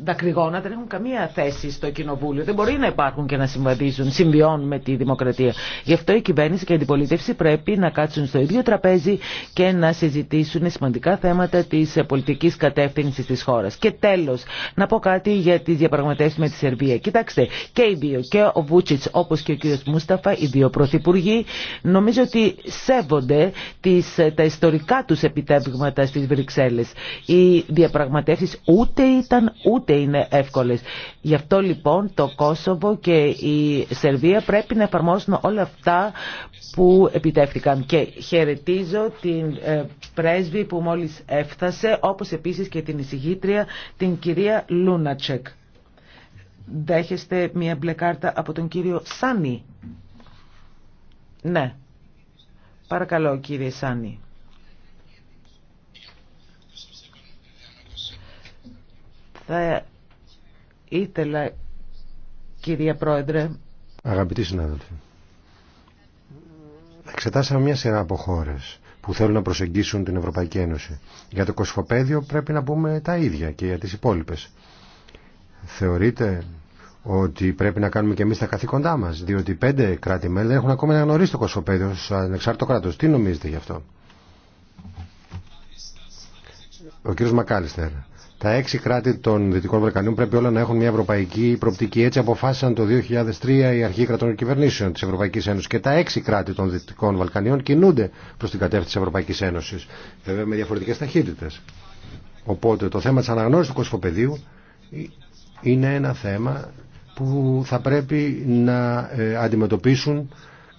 δακρυγόνα δεν έχουν καμία θέση στο κοινοβούλιο. Δεν μπορεί να υπάρχουν και να συμβαδίζουν, συμβιώνουν με τη δημοκρατία. Γι' αυτό η κυβέρνηση και η αντιπολίτευση πρέπει να κάτσουν στο ίδιο τραπέζι και να συζητήσουν σημαντικά θέματα τη πολιτική κατεύθυνση τη χώρα. Και τέλο, να πω κάτι για τι διαπραγματεύσει με τη Σερβία. Κοιτάξτε, και οι δύο, και ο Βούτσιτ όπω και ο κ. Μούσταφα, οι δύο πρωθυπουργοί, νομίζω ότι σέβονται τις, τα ιστορικά του επιτεύγματα στι Βρυξέλλε. Οι διαπραγματεύσει ούτε ήταν ήταν ούτε είναι εύκολες. Γι' αυτό λοιπόν το Κόσοβο και η Σερβία πρέπει να εφαρμόσουν όλα αυτά που επιτεύχθηκαν. Και χαιρετίζω την ε, πρέσβη που μόλις έφτασε, όπως επίσης και την εισηγήτρια, την κυρία Λούνατσεκ. Δέχεστε μία μπλε κάρτα από τον κύριο Σάνι. Ναι. Παρακαλώ κύριε Σάνι. Θα ήθελα, κυρία Πρόεδρε... Αγαπητοί συνάδελφοι, εξετάσαμε μια σειρά από χώρε που θέλουν να προσεγγίσουν την Ευρωπαϊκή Ένωση. Για το κοσμοπέδιο πρέπει να πούμε τα ίδια και για τις υπόλοιπες. Θεωρείτε ότι πρέπει να κάνουμε και εμείς τα καθήκοντά μας, διότι πέντε κράτη-μέλη δεν έχουν ακόμα να γνωρίσει το Κοσφοπέδιο σαν ανεξάρτητο κράτος. Τι νομίζετε γι' αυτό. Ο κύριος Μακάλιστερ, τα έξι κράτη των Δυτικών Βαλκανίων πρέπει όλα να έχουν μια ευρωπαϊκή προοπτική. Έτσι αποφάσισαν το 2003 οι αρχή κρατών και κυβερνήσεων τη Ευρωπαϊκή Ένωση. Και τα έξι κράτη των Δυτικών Βαλκανίων κινούνται προ την κατεύθυνση τη Ευρωπαϊκή Ένωση. Βέβαια με διαφορετικέ ταχύτητε. Οπότε το θέμα τη αναγνώριση του κοσμοπεδίου είναι ένα θέμα που θα πρέπει να ε, αντιμετωπίσουν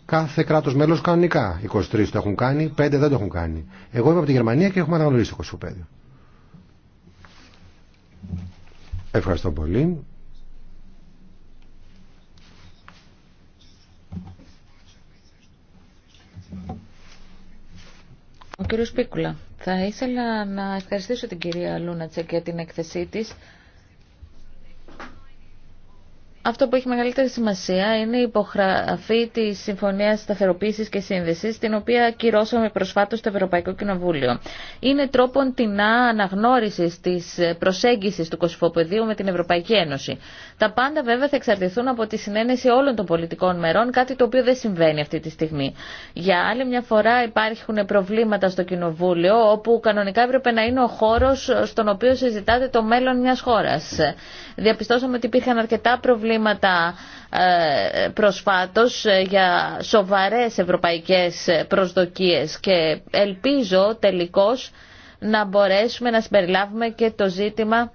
κάθε κράτο μέλο κανονικά. 23 το έχουν κάνει, 5 δεν το έχουν κάνει. Εγώ είμαι από τη Γερμανία και έχουμε αναγνωρίσει το κοσμοπέδιο. Ευχαριστώ πολύ. Ο κύριος Πίκουλα, θα ήθελα να ευχαριστήσω την κυρία Λούνατσε για την έκθεσή της αυτό που έχει μεγαλύτερη σημασία είναι η υπογραφή τη Συμφωνία Σταθεροποίηση και Σύνδεση, την οποία κυρώσαμε προσφάτω στο Ευρωπαϊκό Κοινοβούλιο. Είναι τρόπον την αναγνώριση τη προσέγγιση του Κωσυφοπεδίου με την Ευρωπαϊκή Ένωση. Τα πάντα βέβαια θα εξαρτηθούν από τη συνένεση όλων των πολιτικών μερών, κάτι το οποίο δεν συμβαίνει αυτή τη στιγμή. Για άλλη μια φορά υπάρχουν προβλήματα στο Κοινοβούλιο, όπου κανονικά έπρεπε να είναι ο χώρο στον οποίο συζητάτε το μέλλον μια χώρα. Διαπιστώσαμε ότι υπήρχαν αρκετά προβλήματα χρήματα ε, προσφάτως ε, για σοβαρές ευρωπαϊκές προσδοκίες και ελπίζω τελικώς να μπορέσουμε να συμπεριλάβουμε και το ζήτημα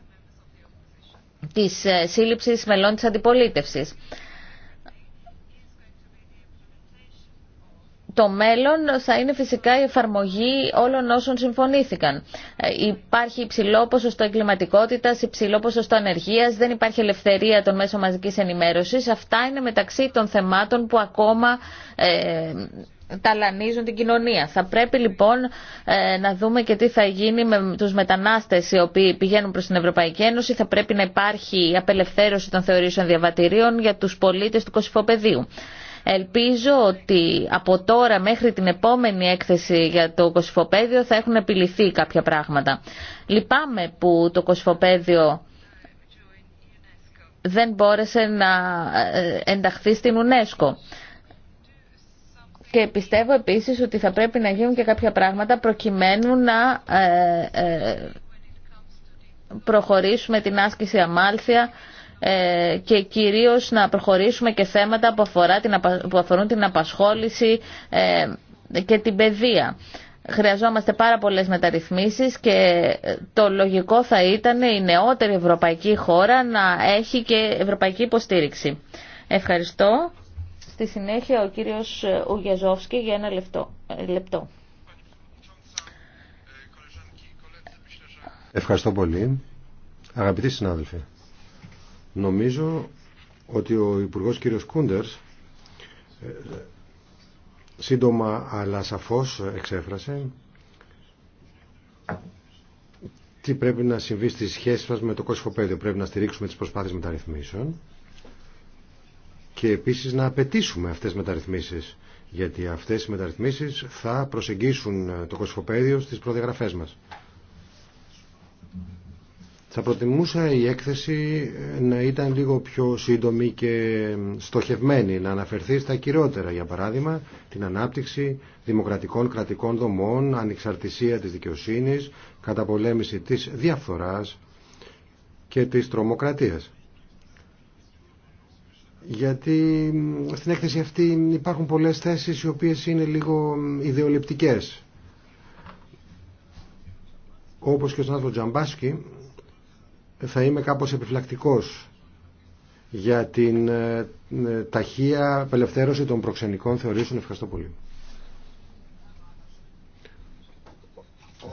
της ε, σύλληψης μελών της αντιπολίτευσης. το μέλλον θα είναι φυσικά η εφαρμογή όλων όσων συμφωνήθηκαν. Ε, υπάρχει υψηλό ποσοστό εγκληματικότητα, υψηλό ποσοστό ανεργία, δεν υπάρχει ελευθερία των μέσων μαζική ενημέρωση. Αυτά είναι μεταξύ των θεμάτων που ακόμα ε, ταλανίζουν την κοινωνία. Θα πρέπει λοιπόν ε, να δούμε και τι θα γίνει με τους μετανάστες οι οποίοι πηγαίνουν προς την Ευρωπαϊκή Ένωση. Θα πρέπει να υπάρχει απελευθέρωση των θεωρήσεων διαβατηρίων για τους πολίτες του Κωσυφοπεδίου. Ελπίζω ότι από τώρα μέχρι την επόμενη έκθεση για το κοσφοπέδιο θα έχουν επιληθεί κάποια πράγματα. Λυπάμαι που το κοσφοπέδιο δεν μπόρεσε να ε, ενταχθεί στην UNESCO. Και πιστεύω επίσης ότι θα πρέπει να γίνουν και κάποια πράγματα προκειμένου να ε, ε, προχωρήσουμε την άσκηση αμάλθεια ε, και κυρίως να προχωρήσουμε και θέματα που, αφορά την, που αφορούν την απασχόληση ε, και την παιδεία. Χρειαζόμαστε πάρα πολλές μεταρρυθμίσεις και ε, το λογικό θα ήταν η νεότερη ευρωπαϊκή χώρα να έχει και ευρωπαϊκή υποστήριξη. Ευχαριστώ. Στη συνέχεια ο κύριος Ουγιαζόφσκι για ένα λεπτό. Ευχαριστώ πολύ. Αγαπητοί συνάδελφοι. Νομίζω ότι ο Υπουργός κ. Κούντερς ε, σύντομα αλλά σαφώς εξέφρασε τι πρέπει να συμβεί στις σχέσεις μας με το κοσφοπέδιο. Πρέπει να στηρίξουμε τις προσπάθειες μεταρρυθμίσεων και επίσης να απαιτήσουμε αυτές τις μεταρρυθμίσεις γιατί αυτές οι μεταρρυθμίσεις θα προσεγγίσουν το κοσφοπέδιο στις προδιαγραφές μας. Θα προτιμούσα η έκθεση να ήταν λίγο πιο σύντομη και στοχευμένη, να αναφερθεί στα κυριότερα, για παράδειγμα, την ανάπτυξη δημοκρατικών κρατικών δομών, ανεξαρτησία της δικαιοσύνης, καταπολέμηση της διαφθοράς και της τρομοκρατίας. Γιατί στην έκθεση αυτή υπάρχουν πολλές θέσεις οι οποίες είναι λίγο ιδεολεπτικές. Όπως και ο Σνάτο Τζαμπάσκι, θα είμαι κάπως επιφυλακτικός για την ε, ε, ταχεία απελευθέρωση των προξενικών θεωρήσεων. Ευχαριστώ πολύ.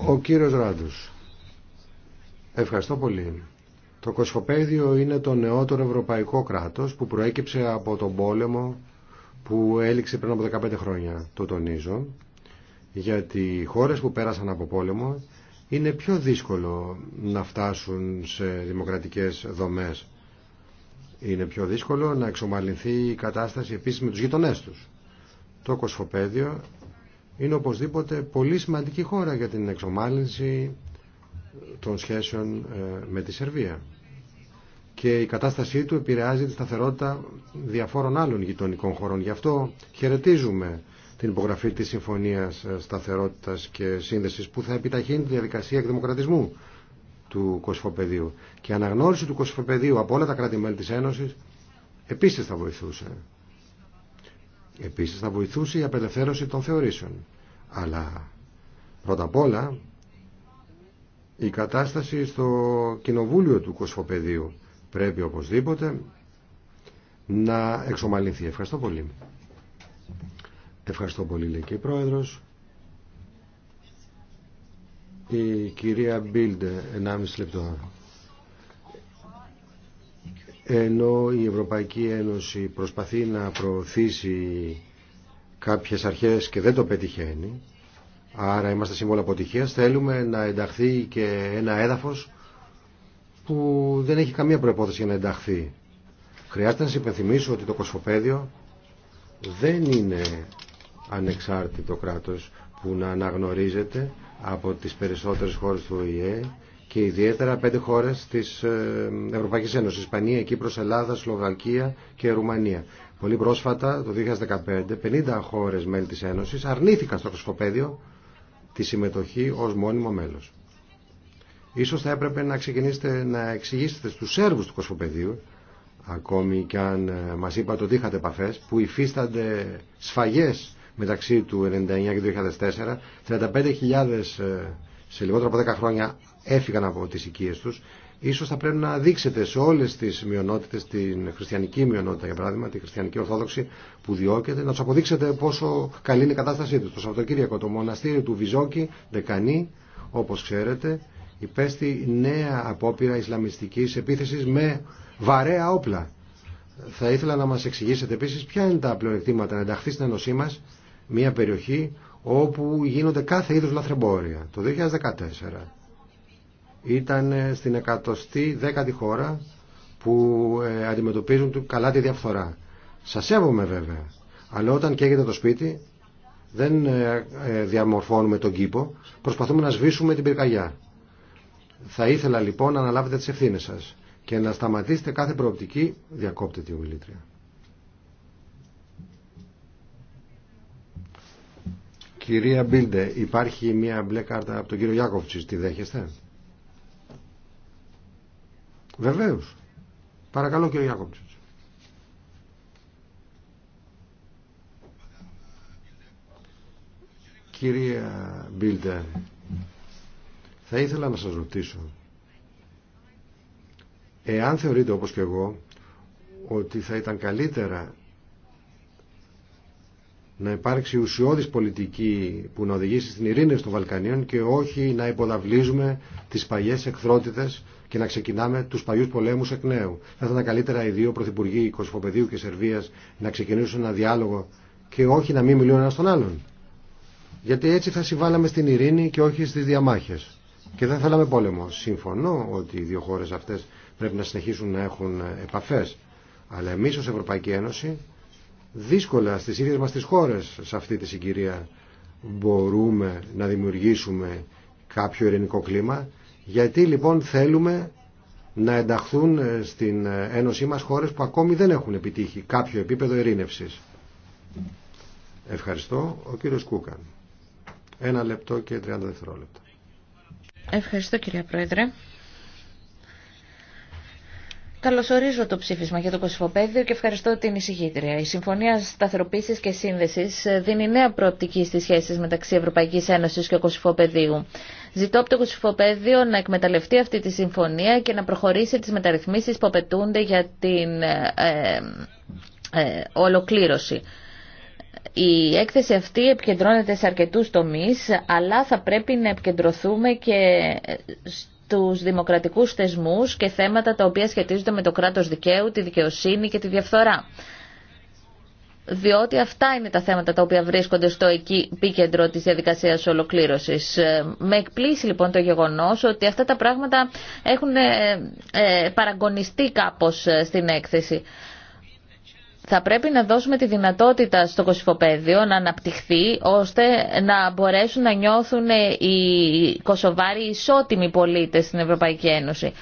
Ο κύριος Ράντους. Ευχαριστώ πολύ. Το Κοσμοπέδιο είναι το νεότερο ευρωπαϊκό κράτος που προέκυψε από τον πόλεμο που έληξε πριν από 15 χρόνια. Το τονίζω γιατί οι χώρες που πέρασαν από πόλεμο είναι πιο δύσκολο να φτάσουν σε δημοκρατικές δομές. Είναι πιο δύσκολο να εξομαλυνθεί η κατάσταση επίσης με τους γειτονές τους. Το Κοσφοπέδιο είναι οπωσδήποτε πολύ σημαντική χώρα για την εξομάλυνση των σχέσεων ε, με τη Σερβία. Και η κατάστασή του επηρεάζει τη σταθερότητα διαφόρων άλλων γειτονικών χωρών. Γι' αυτό χαιρετίζουμε την υπογραφή της Συμφωνίας ε, Σταθερότητας και Σύνδεσης που θα επιταχύνει τη διαδικασία εκδημοκρατισμού του κοσφοπεδίου. Και η αναγνώριση του κοσφοπεδίου από όλα τα κράτη-μέλη της Ένωσης επίσης θα βοηθούσε. Επίσης θα βοηθούσε η απελευθέρωση των θεωρήσεων. Αλλά πρώτα απ' όλα η κατάσταση στο κοινοβούλιο του κοσφοπεδίου πρέπει οπωσδήποτε να εξομαλυνθεί. Ευχαριστώ πολύ. Ευχαριστώ πολύ, λέει και η Πρόεδρος. Η κυρία Μπίλντε, 1,5 λεπτό. Ενώ η Ευρωπαϊκή Ένωση προσπαθεί να προωθήσει κάποιες αρχές και δεν το πετυχαίνει, άρα είμαστε σύμβολα αποτυχίας, θέλουμε να ενταχθεί και ένα έδαφος που δεν έχει καμία προπόθεση για να ενταχθεί. Χρειάζεται να σας υπενθυμίσω ότι το κοσφοπέδιο δεν είναι ανεξάρτητο κράτος που να αναγνωρίζεται από τις περισσότερες χώρες του ΟΗΕ και ιδιαίτερα πέντε χώρες της ε, Ευρωπαϊκής Ένωσης, Ισπανία, Κύπρος, Ελλάδα, Σλοβακία και Ρουμανία. Πολύ πρόσφατα, το 2015, 50 χώρες μέλη της Ένωσης αρνήθηκαν στο κοσμοπέδιο τη συμμετοχή ως μόνιμο μέλος. Ίσως θα έπρεπε να ξεκινήσετε να εξηγήσετε στους Σέρβους του κοσμοπεδίου, ακόμη και αν ε, μας είπατε ότι είχατε επαφές, που υφίστανται σφαγές μεταξύ του 1999 και του 2004. 35.000 ε, σε λιγότερο από 10 χρόνια έφυγαν από τις οικίες τους. Ίσως θα πρέπει να δείξετε σε όλες τις μειονότητες, την χριστιανική μειονότητα για παράδειγμα, τη χριστιανική ορθόδοξη που διώκεται, να τους αποδείξετε πόσο καλή είναι η κατάστασή τους. Το Σαββατοκύριακο το μοναστήρι του Βιζόκη, Δεκανή, όπως ξέρετε, υπέστη νέα απόπειρα Ισλαμιστικής επίθεσης με βαρέα όπλα. Θα ήθελα να μας εξηγήσετε επίσης ποια είναι τα πλεονεκτήματα να ενταχθεί στην ενωσή μας μια περιοχή όπου γίνονται κάθε είδους λαθρεμπόρια. Το 2014 ήταν στην 110η χώρα που ε, αντιμετωπίζουν καλά τη διαφθορά. Σας σέβομαι βέβαια, αλλά όταν καίγεται το σπίτι δεν ε, ε, διαμορφώνουμε τον κήπο, προσπαθούμε να σβήσουμε την πυρκαγιά. Θα ήθελα λοιπόν να αναλάβετε τις ευθύνες σας και να σταματήσετε κάθε προοπτική διακόπτετη ομιλήτρια. Κυρία Μπίλντε, υπάρχει μια μπλε κάρτα από τον κύριο Γιάκοφτσης. Τη δέχεστε? Βεβαίως. Παρακαλώ κύριο Γιάκοβτσης. Κυρία Μπίλντε, θα ήθελα να σας ρωτήσω εάν θεωρείτε όπως και εγώ ότι θα ήταν καλύτερα να υπάρξει ουσιώδης πολιτική που να οδηγήσει στην ειρήνη των Βαλκανίων και όχι να υποδαβλίζουμε τις παλιές εχθρότητες και να ξεκινάμε τους παλιούς πολέμους εκ νέου. Θα ήταν καλύτερα οι δύο πρωθυπουργοί Κωσφοπεδίου και Σερβίας να ξεκινήσουν ένα διάλογο και όχι να μην μιλούν ένα τον άλλον. Γιατί έτσι θα συμβάλαμε στην ειρήνη και όχι στις διαμάχες. Και δεν θέλαμε πόλεμο. Συμφωνώ ότι οι δύο χώρες αυτές πρέπει να συνεχίσουν να έχουν επαφές. Αλλά εμείς ως Ευρωπαϊκή Ένωση δύσκολα στις ίδιες μας τις χώρες σε αυτή τη συγκυρία μπορούμε να δημιουργήσουμε κάποιο ειρηνικό κλίμα γιατί λοιπόν θέλουμε να ενταχθούν ε, στην ε, Ένωσή μας χώρες που ακόμη δεν έχουν επιτύχει κάποιο επίπεδο ειρήνευσης. Ευχαριστώ. Ο κύριος Κούκαν. Ένα λεπτό και 30 δευτερόλεπτα. Ευχαριστώ κυρία Πρόεδρε. Καλωσορίζω το ψήφισμα για το Κωσυφοπαίδιο και ευχαριστώ την εισηγήτρια. Η Συμφωνία Σταθεροποίηση και Σύνδεση ε, δίνει νέα προοπτική στι σχέσει μεταξύ Ευρωπαϊκή Ένωση και Κωσυφοπαιδίου. Ζητώ από το Κωσυφοπαίδιο να εκμεταλλευτεί αυτή τη συμφωνία και να προχωρήσει τι μεταρρυθμίσει που απαιτούνται για την ε, ε, ολοκλήρωση. Η έκθεση αυτή επικεντρώνεται σε αρκετούς τομείς, αλλά θα πρέπει να επικεντρωθούμε και τους δημοκρατικούς θεσμούς και θέματα τα οποία σχετίζονται με το κράτος δικαίου, τη δικαιοσύνη και τη διαφθορά. Διότι αυτά είναι τα θέματα τα οποία βρίσκονται στο εκεί επίκεντρο της διαδικασίας ολοκλήρωσης. Ε, με εκπλήσει λοιπόν το γεγονός ότι αυτά τα πράγματα έχουν ε, ε, παραγωνιστεί κάπως στην έκθεση θα πρέπει να δώσουμε τη δυνατότητα στο κοσυφοπαίδιο να αναπτυχθεί ώστε να μπορέσουν να νιώθουν οι Κωσοβάροι ισότιμοι πολίτες στην Ευρωπαϊκή Ένωση.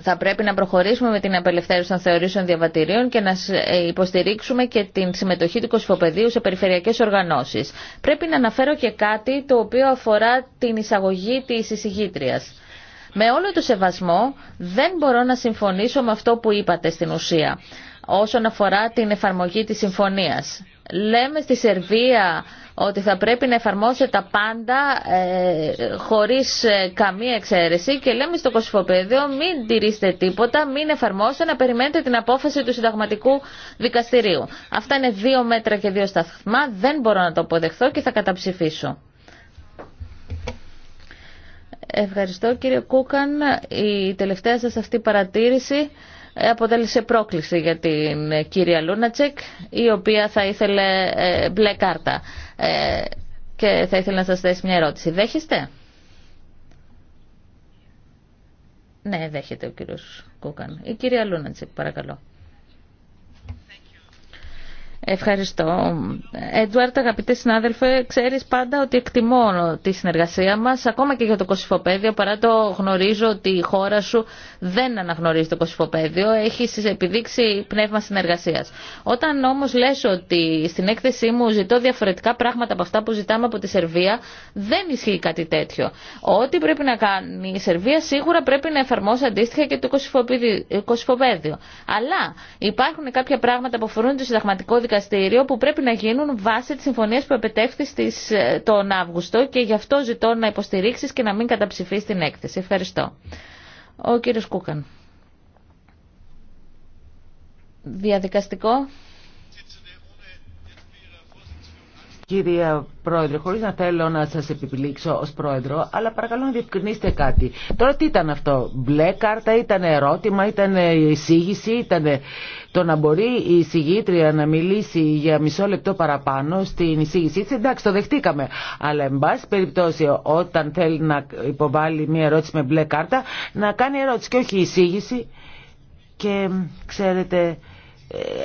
Θα πρέπει να προχωρήσουμε με την απελευθέρωση των θεωρήσεων διαβατηρίων και να ε, υποστηρίξουμε και την συμμετοχή του κοσφοπεδίου σε περιφερειακές οργανώσεις. Πρέπει να αναφέρω και κάτι το οποίο αφορά την εισαγωγή της εισηγήτριας. Με όλο το σεβασμό δεν μπορώ να συμφωνήσω με αυτό που είπατε στην ουσία όσον αφορά την εφαρμογή της συμφωνίας. Λέμε στη Σερβία ότι θα πρέπει να εφαρμόσετε τα πάντα ε, χωρίς ε, καμία εξαίρεση και λέμε στο Κωσυφοπαίδιο μην τηρήσετε τίποτα, μην εφαρμόσετε να περιμένετε την απόφαση του συνταγματικού δικαστηρίου. Αυτά είναι δύο μέτρα και δύο σταθμά, δεν μπορώ να το αποδεχθώ και θα καταψηφίσω. Ευχαριστώ κύριε Κούκαν. Η τελευταία σας αυτή παρατήρηση αποτέλεσε πρόκληση για την κυρία Λούνατσεκ, η οποία θα ήθελε ε, μπλε κάρτα. Ε, και θα ήθελε να σας θέσει μια ερώτηση. Δέχεστε? Ναι, δέχεται ο κύριος Κούκαν. Η κυρία Λούνατσεκ, παρακαλώ. Ευχαριστώ. Έντουαρτ, αγαπητέ συνάδελφε, ξέρεις πάντα ότι εκτιμώ τη συνεργασία μας, ακόμα και για το κοσυφοπαίδιο, παρά το γνωρίζω ότι η χώρα σου δεν αναγνωρίζει το κοσυφοπαίδιο, έχει επιδείξει πνεύμα συνεργασίας. Όταν όμως λες ότι στην έκθεσή μου ζητώ διαφορετικά πράγματα από αυτά που ζητάμε από τη Σερβία, δεν ισχύει κάτι τέτοιο. Ό,τι πρέπει να κάνει η Σερβία σίγουρα πρέπει να εφαρμόσει αντίστοιχα και το κοσυφοπαίδιο. Αλλά υπάρχουν κάποια πράγματα που αφορούν το συνταγματικό δικαστήριο δικαστήριο που πρέπει να γίνουν βάσει τη συμφωνία που στις, ε, τον Αύγουστο και γι' αυτό ζητώ να υποστηρίξει και να μην καταψηφίσει την έκθεση. Ευχαριστώ. Ο κύριος Κούκαν. Διαδικαστικό. Κύριε Πρόεδρε, χωρίς να θέλω να σας επιπλήξω ως Πρόεδρο, αλλά παρακαλώ να διευκρινίσετε κάτι. Τώρα τι ήταν αυτό, μπλε κάρτα, ήταν ερώτημα, ήταν εισήγηση, ήταν το να μπορεί η εισηγήτρια να μιλήσει για μισό λεπτό παραπάνω στην εισήγησή τη. εντάξει το δεχτήκαμε. Αλλά εν πάση περιπτώσει όταν θέλει να υποβάλει μια ερώτηση με μπλε κάρτα, να κάνει ερώτηση και όχι εισήγηση. Και ξέρετε,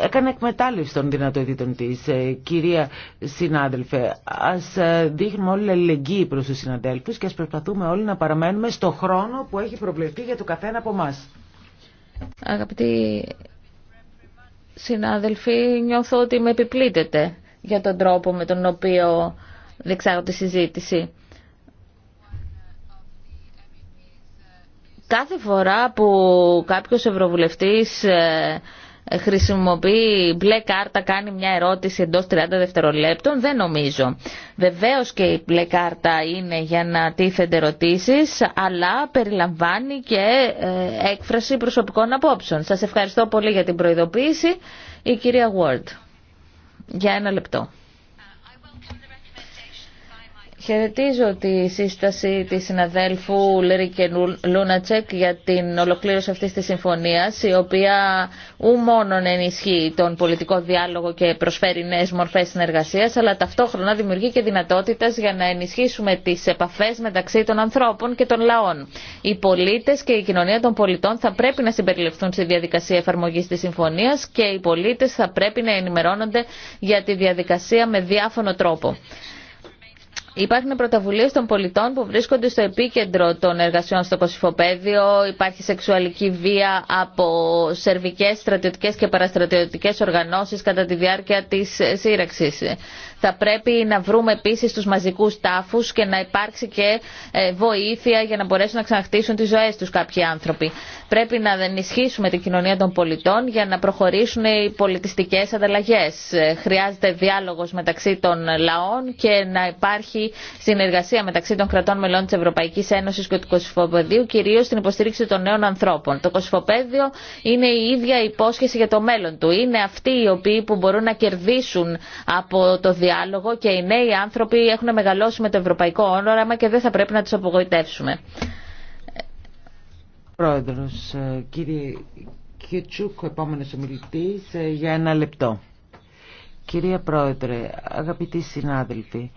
έκανε εκμετάλλευση των δυνατοτήτων της. Ε, κυρία συνάδελφε, ας ε, δείχνουμε όλοι ελεγγύη προς τους συναδέλφους και ας προσπαθούμε όλοι να παραμένουμε στο χρόνο που έχει προβλεφθεί για το καθένα από εμά. Αγαπητοί συνάδελφοι, νιώθω ότι με επιπλήτεται για τον τρόπο με τον οποίο διεξάγω τη συζήτηση. Κάθε φορά που κάποιος ευρωβουλευτής ε, χρησιμοποιεί μπλε κάρτα, κάνει μια ερώτηση εντός 30 δευτερολέπτων, δεν νομίζω. Βεβαίως και η μπλε κάρτα είναι για να τίθενται ερωτήσεις, αλλά περιλαμβάνει και ε, έκφραση προσωπικών απόψεων. Σας ευχαριστώ πολύ για την προειδοποίηση. Η κυρία Ward, για ένα λεπτό. Χαιρετίζω τη σύσταση της συναδέλφου Λέρη και Λούνατσεκ για την ολοκλήρωση αυτής της συμφωνίας, η οποία ου μόνον ενισχύει τον πολιτικό διάλογο και προσφέρει νέες μορφές συνεργασίας, αλλά ταυτόχρονα δημιουργεί και δυνατότητα για να ενισχύσουμε τις επαφές μεταξύ των ανθρώπων και των λαών. Οι πολίτες και η κοινωνία των πολιτών θα πρέπει να συμπεριληφθούν στη διαδικασία εφαρμογής της συμφωνίας και οι πολίτες θα πρέπει να ενημερώνονται για τη διαδικασία με διάφορο τρόπο. Υπάρχουν πρωτοβουλίε των πολιτών που βρίσκονται στο επίκεντρο των εργασιών στο Κωσυφοπαίδιο. Υπάρχει σεξουαλική βία από σερβικέ, στρατιωτικέ και παραστρατιωτικέ οργανώσει κατά τη διάρκεια τη σύραξη. Θα πρέπει να βρούμε επίση του μαζικού τάφου και να υπάρξει και ε, βοήθεια για να μπορέσουν να ξαναχτίσουν τι ζωέ του κάποιοι άνθρωποι. Πρέπει να ενισχύσουμε την κοινωνία των πολιτών για να προχωρήσουν οι πολιτιστικέ ανταλλαγέ. Ε, χρειάζεται διάλογο μεταξύ των λαών και να υπάρχει συνεργασία μεταξύ των κρατών μελών τη Ευρωπαϊκή Ένωση και του Κωσφοπέδιου, κυρίω στην υποστήριξη των νέων ανθρώπων. Το Κωσφοπέδιο είναι η ίδια υπόσχεση για το μέλλον του. Είναι αυτοί οι οποίοι που μπορούν να κερδίσουν από το διάλογο και οι νέοι άνθρωποι έχουν μεγαλώσει με το ευρωπαϊκό όνομα και δεν θα πρέπει να του απογοητεύσουμε. Πρόεδρος, ε, κύριε Κιουτσούκ, επόμενος ομιλητής, ε, για ένα λεπτό. Κυρία Πρόεδρε, αγαπητοί συνάδελφοι,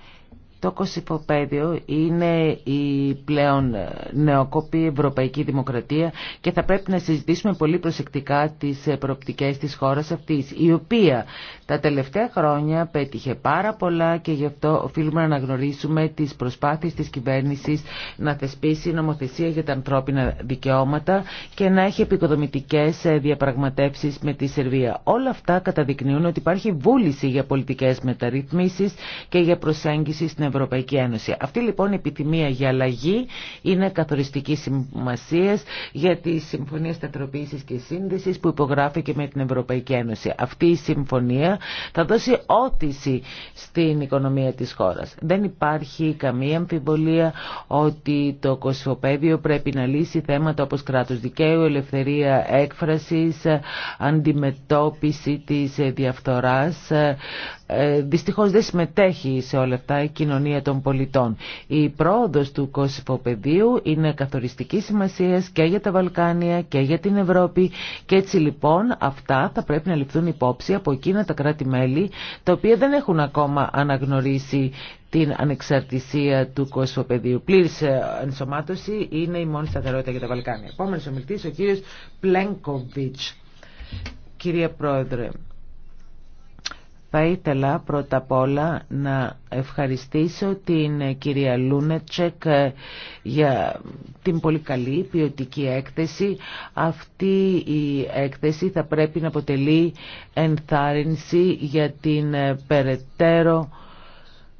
το Κωσυφοπαίδιο είναι η πλέον νεοκόπη ευρωπαϊκή δημοκρατία και θα πρέπει να συζητήσουμε πολύ προσεκτικά τις προοπτικές της χώρας αυτής, η οποία τα τελευταία χρόνια πέτυχε πάρα πολλά και γι' αυτό οφείλουμε να αναγνωρίσουμε τις προσπάθειες της κυβέρνησης να θεσπίσει νομοθεσία για τα ανθρώπινα δικαιώματα και να έχει επικοδομητικές ε, διαπραγματεύσεις με τη Σερβία. Όλα αυτά καταδεικνύουν ότι υπάρχει βούληση για πολιτικές μεταρρυθμίσεις και για προσέγγιση στην Ευρωπαϊκή Ένωση. Αυτή λοιπόν η επιθυμία για αλλαγή είναι καθοριστική σημασία για τη Συμφωνία Σταθεροποίησης και σύνδεση που υπογράφηκε με την Ευρωπαϊκή Ένωση. Αυτή η συμφωνία θα δώσει ότιση στην οικονομία της χώρας. Δεν υπάρχει καμία αμφιβολία ότι το Κωσυφοπαίδιο πρέπει να λύσει θέματα όπως κράτος δικαίου, ελευθερία έκφρασης, αντιμετώπιση της διαφθοράς. Ε, δυστυχώς δεν συμμετέχει σε όλα αυτά η κοινωνία των πολιτών. Η πρόοδος του Κωσυφοπεδίου είναι καθοριστική σημασία και για τα Βαλκάνια και για την Ευρώπη και έτσι λοιπόν αυτά θα πρέπει να ληφθούν υπόψη από εκείνα τα κράτη τη μελη τα οποία δεν έχουν ακόμα αναγνωρίσει την ανεξαρτησία του πεδίου. Πλήρη ε, ενσωμάτωση είναι η μόνη σταθερότητα για τα Βαλκάνια. Επόμενο ομιλητή, ο κύριο Πλένκοβιτ. Κυρία Πρόεδρε, θα ήθελα πρώτα απ' όλα να ευχαριστήσω την κυρία Λούνετσεκ ε, για την πολύ καλή ποιοτική έκθεση. Αυτή η έκθεση θα πρέπει να αποτελεί ενθάρρυνση για την ε, περαιτέρω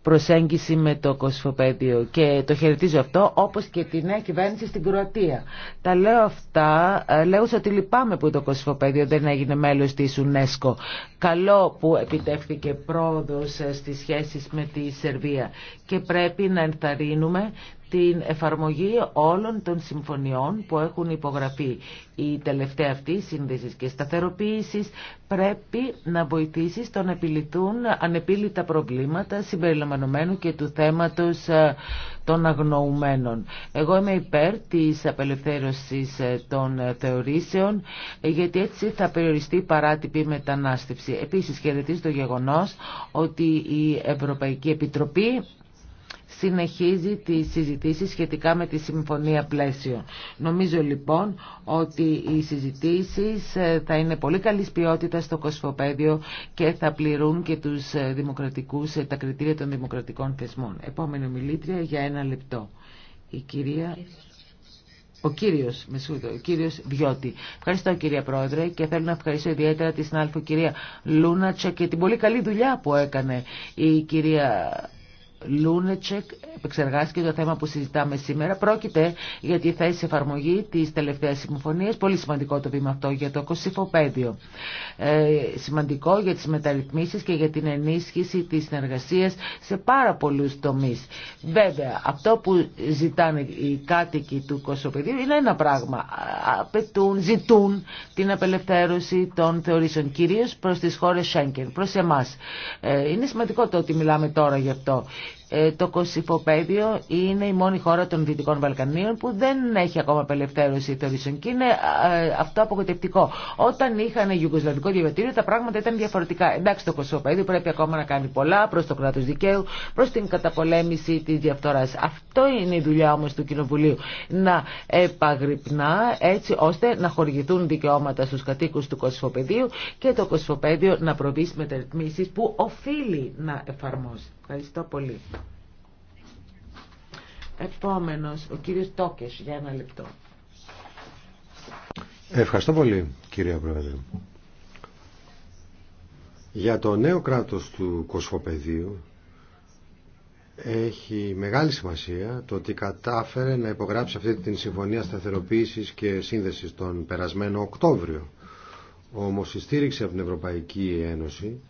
προσέγγιση με το κοσφοπέδιο και το χαιρετίζω αυτό όπως και τη νέα κυβέρνηση στην Κροατία. Τα λέω αυτά, ε, λέω ότι λυπάμαι που το κοσφοπέδιο δεν έγινε μέλος της UNESCO. Καλό που επιτεύχθηκε πρόοδος ε, στις σχέσεις με τη Σερβία και πρέπει να ενθαρρύνουμε την εφαρμογή όλων των συμφωνιών που έχουν υπογραφεί. Η τελευταία αυτή σύνδεση και σταθεροποίηση πρέπει να βοηθήσει στο να επιληθούν ανεπίλητα προβλήματα συμπεριλαμβανομένου και του θέματος ε, των αγνοουμένων. Εγώ είμαι υπέρ της απελευθέρωσης ε, των ε, θεωρήσεων γιατί έτσι θα περιοριστεί η παράτυπη μετανάστευση. Επίσης χαιρετίζει το γεγονός ότι η Ευρωπαϊκή Επιτροπή συνεχίζει τις συζητήσεις σχετικά με τη Συμφωνία Πλαίσιο. Νομίζω λοιπόν ότι οι συζητήσεις ε, θα είναι πολύ καλή ποιότητα στο κοσφοπέδιο και θα πληρούν και τους ε, δημοκρατικούς, ε, τα κριτήρια των δημοκρατικών θεσμών. Επόμενη μιλήτρια για ένα λεπτό. Η κυρία... Ο κύριος, με ο κύριος Βιώτη. Ευχαριστώ κυρία Πρόεδρε και θέλω να ευχαριστώ ιδιαίτερα τη συνάδελφο κυρία Λούνατσα και την πολύ καλή δουλειά που έκανε η κυρία Λούνετσεκ επεξεργάστηκε το θέμα που συζητάμε σήμερα. Πρόκειται για τη θέση εφαρμογή τη τελευταία συμφωνία. Πολύ σημαντικό το βήμα αυτό για το κοσυφοπαίδιο. Ε, σημαντικό για τι μεταρρυθμίσει και για την ενίσχυση τη συνεργασία σε πάρα πολλού τομεί. Βέβαια, αυτό που ζητάνε οι κάτοικοι του Κοσοπεδίου είναι ένα πράγμα. Απαιτούν, ζητούν την απελευθέρωση των θεωρήσεων, κυρίω προ τι χώρε Σέγγεν, προ εμά. Ε, είναι σημαντικό το ότι μιλάμε τώρα γι' αυτό. Ε, το Κωσυφοπαίδιο είναι η μόνη χώρα των Δυτικών Βαλκανίων που δεν έχει ακόμα απελευθέρωση θεωρήσεων και είναι ε, αυτό απογοητευτικό. Όταν είχαν Ιουγκοσλαβικό διαβατήριο τα πράγματα ήταν διαφορετικά. Εντάξει το Κωσυφοπαίδιο πρέπει ακόμα να κάνει πολλά προς το κράτος δικαίου, προς την καταπολέμηση της διαφθοράς. Αυτό είναι η δουλειά όμως του Κοινοβουλίου. Να επαγρυπνά έτσι ώστε να χορηγηθούν δικαιώματα στους κατοίκου του Κωσυφοπαιδίου και το Κωσυφοπαίδιο να προβεί που οφείλει να εφαρμόσει. Ευχαριστώ πολύ. Επόμενος, ο κύριος Τόκες, για ένα λεπτό. Ευχαριστώ πολύ, κύριε Πρόεδρε. Για το νέο κράτος του Κοσφοπεδίου έχει μεγάλη σημασία το ότι κατάφερε να υπογράψει αυτή την Συμφωνία Σταθεροποίησης και Σύνδεσης τον περασμένο Οκτώβριο. Όμως η στήριξη από την Ευρωπαϊκή Ένωση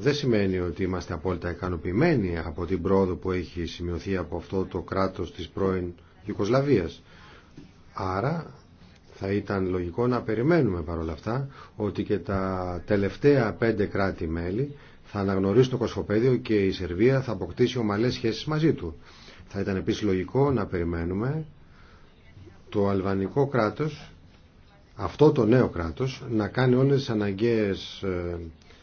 δεν σημαίνει ότι είμαστε απόλυτα ικανοποιημένοι από την πρόοδο που έχει σημειωθεί από αυτό το κράτος της πρώην Ιουκοσλαβίας. Άρα θα ήταν λογικό να περιμένουμε παρόλα αυτά ότι και τα τελευταία πέντε κράτη-μέλη θα αναγνωρίσουν το κοσμοπέδιο και η Σερβία θα αποκτήσει ομαλές σχέσεις μαζί του. Θα ήταν επίσης λογικό να περιμένουμε το αλβανικό κράτος, αυτό το νέο κράτος, να κάνει όλες τις αναγκαίες ε,